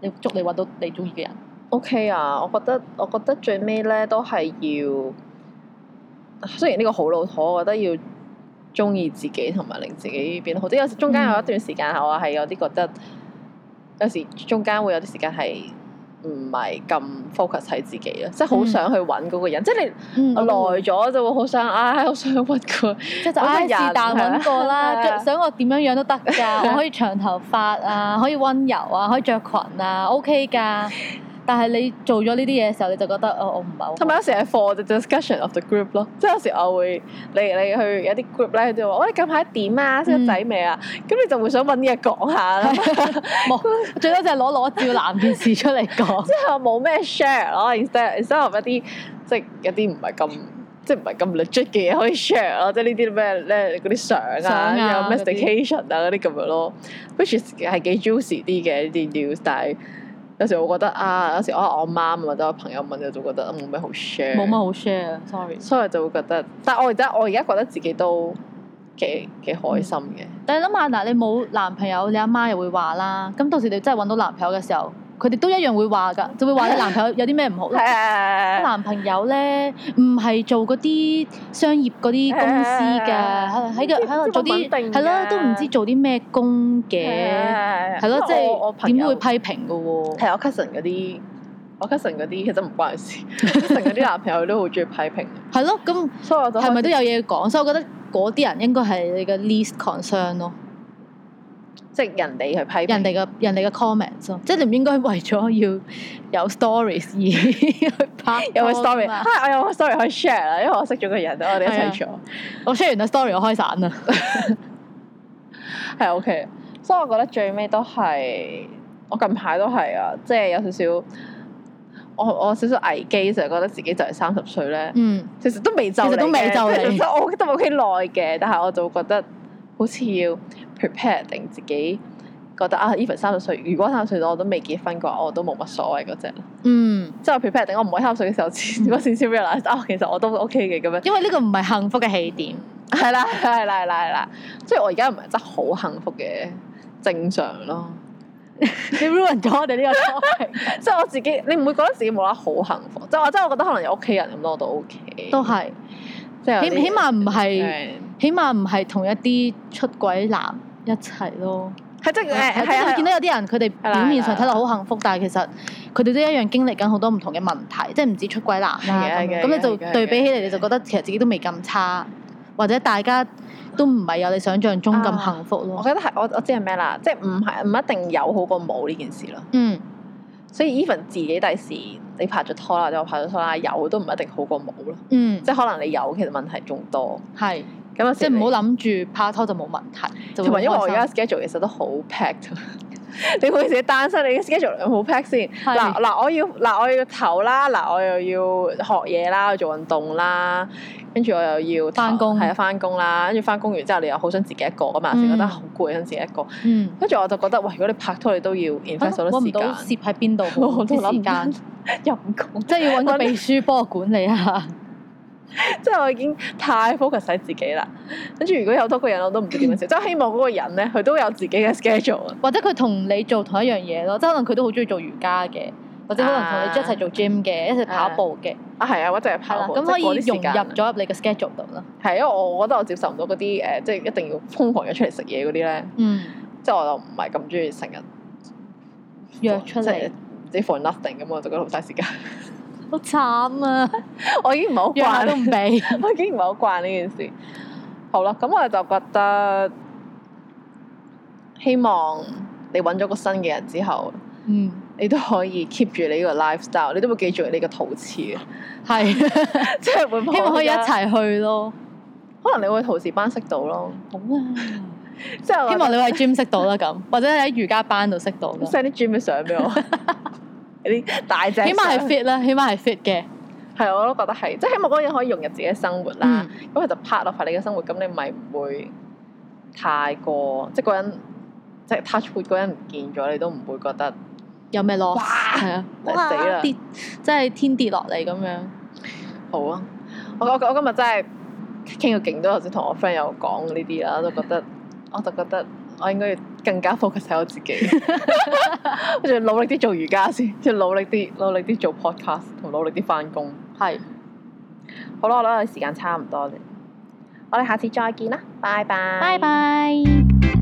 你祝你揾到你鍾意嘅人。OK 啊，我覺得我覺得最尾咧都係要，雖然呢個好老土，我覺得要鍾意自己同埋令自己變得好啲。即有時中間有一段時間、嗯、我係有啲覺得，有時中間會有啲時間係。唔係咁 focus 喺自己啦，即係好想去揾嗰個人，嗯、即係你耐咗、嗯、就會好想，唉，好想揾佢。即係就唉，是但揾過啦，啊、想我點樣樣都得㗎， [LAUGHS] 我可以長頭髮啊，可以溫柔啊，可以着裙啊，OK 㗎。 [LAUGHS] 但係你做咗呢啲嘢嘅時候，你就覺得哦，我唔係喎。同埋有時係 for the discussion of the group 咯，即係有時我會你你去有啲 group 咧，佢哋話：你近排點啊，識仔未啊？咁、嗯、你就會想揾啲嘢講下啦。冇，最多就係攞攞照藍電視出嚟講。即係我冇咩 share 咯，instead instead 一啲即係一啲唔係咁即係唔係咁 legit 嘅嘢可以 share 咯，即係呢啲咩咧嗰啲相啊，有 mastication 啊嗰啲咁樣咯，which is 係幾 juicy 啲嘅啲 news，但係。有時我覺得啊，有時我阿媽或者我朋友問就覺得冇咩好 share sh。冇乜好 share，sorry。所以我就會覺得，但係我而家我而家覺得自己都幾幾開心嘅、嗯。但係諗下嗱，你冇男朋友，你阿媽又會話啦。咁到時你真係揾到男朋友嘅時候。佢哋都一樣會話㗎，就會話你男朋友有啲咩唔好咯。 [LAUGHS] 男朋友咧，唔係做嗰啲商業嗰啲公司嘅，喺嘅喺度做啲係咯，都唔知做啲咩工嘅，係咯， [LAUGHS] 即係點會批評嘅喎？係我 cousin 嗰啲我 cousin 嗰啲其實唔關事。cousin 嗰啲男朋友都好中意批評嘅。係咯， [LAUGHS] 咁係咪都有嘢講？所以我覺得嗰啲人應該係你嘅 least concern 咯。識人哋去批人哋嘅人哋嘅 comments 咯，即你唔應該為咗要有 stories 而 [LAUGHS] 去拍歌 有，有 story、啊啊。我有個 story 可以 share 啦，因為我識咗個人，我哋一齊做、啊。我 share 完個 story，我開散啦。係 [LAUGHS] [LAUGHS] OK，所以我覺得最尾都係我近排都係啊，即、就、係、是、有少少我我少少危機，就覺得自己就係三十歲咧。嗯，其實都未就，其實都未就嚟，我都冇幾耐嘅，但係我就覺得好似要。嗯 prepare 定自己覺得啊，even 三十歲，如果三十歲到我都未結婚嘅話，我都冇乜所謂嗰隻。嗯，即我，即係 prepare 定我唔開三十歲嘅時候，如果先先 realize 其實我都 OK 嘅咁樣。因為呢個唔係幸福嘅起點，係啦係啦係啦係啦。所以我而家唔係真係好幸福嘅，正常咯。 [LAUGHS] 你 ruin 咗我哋呢個主題，即係我自己，你唔會覺得自己冇得好幸福？即我係我覺得可能有屋企人咁咯，多我都 OK。都係是，起起碼唔係， [LAUGHS] 起碼唔係同一啲出軌男。一齊咯，係即係誒，即係你見到有啲人佢哋表面上睇落好幸福，但係其實佢哋都一樣經歷緊好多唔同嘅問題，即係唔止出軌嗱咁樣。咁你就對比起嚟，你就覺得其實自己都未咁差，或者大家都唔係有你想象中咁幸福咯。我覺得係，我我知係咩啦，即係唔係唔一定有好過冇呢件事咯。嗯。所以 Even 自己第時你拍咗拖啦，又拍咗拖啦，有都唔一定好過冇咯。嗯。即係可能你有，其實問題仲多。係。咁啊，即係唔好諗住拍拖就冇問題，同埋因為我而家 schedule 其實都好 pack。你可自己單身，你嘅 schedule 好 pack 先。嗱嗱是，我要嗱我要唞啦，嗱我又要學嘢啦，我要做運動啦，跟住我又要翻工，係啊翻工啦，跟住翻工完之後你又好想自己一個噶嘛，成覺得好攰，跟住自己一個。跟住、嗯、我就覺得，喂、呃，如果你拍拖，你都要 invest、啊、時間。揾唔到蝕喺邊度？我都諗唔到人工。即係 [LAUGHS] [LAUGHS] 要揾個秘書幫我管理下。 [LAUGHS] 即係我已經太 focus 喺自己啦，跟住如果有多 [LAUGHS] 個人我都唔知點樣做，即係希望嗰個人咧佢都有自己嘅 schedule，或者佢同你做同一樣嘢咯，即係可能佢都好中意做瑜伽嘅，或者可能同你一齊做 gym 嘅，一齊跑步嘅、啊。啊，係啊，啊，啊，我一陣跑步。咁、啊、可以融入咗入你嘅 schedule 度啦。係、啊、 [LAUGHS] 因為我覺得我接受唔到嗰啲誒，即、呃、係一定要瘋狂出、嗯、約出嚟食嘢嗰啲咧。嗯。即係我就唔係咁中意成日約出嚟，just for nothing 咁，我就覺得好嘥時間。 [LAUGHS] 好慘啊！ [LAUGHS] [LAUGHS] 我已經唔係好慣，都唔俾。我已經唔係好慣呢件事。好啦，咁我就覺得希望你揾咗個新嘅人之後，嗯，你都可以 keep 住你呢個 lifestyle，你都會記住你個陶瓷嘅，係是、啊、 [LAUGHS] 即係會 [LAUGHS] 希望可以一齊去咯。 [LAUGHS] 可能你會陶瓷班識到咯，好啊！即係我希望你可以 gym 識到啦咁， [LAUGHS] 或者喺瑜伽班度識到咯。send 啲 gym 嘅相俾我。 [LAUGHS] [LAUGHS] 啲 [LAUGHS] 大隻相，起碼係 fit 啦，起碼係 fit 嘅，係 [LAUGHS] 我都覺得係，即係希望嗰個人可以融入自己嘅生活啦。咁佢、嗯、就 part 落去你嘅生活，咁你咪唔會太過，即係嗰人，即、就、係、是、touch wood 嗰人唔見咗，你都唔會覺得有咩 loss 啊，哇死啦，即係哇天跌落嚟咁樣。好啊，我我我今日真係傾咗勁多，頭先同我 friend 有講呢啲啦，我都覺得，我就覺得。 [LAUGHS] [LAUGHS] 我應該要更加 focus 喺我自己，我仲要努力啲做瑜伽先，要努力啲、努力啲做 podcast，同努力啲返工。係是，好啦，我覺得時間差唔多啦，我哋下次再見啦，拜拜，拜拜。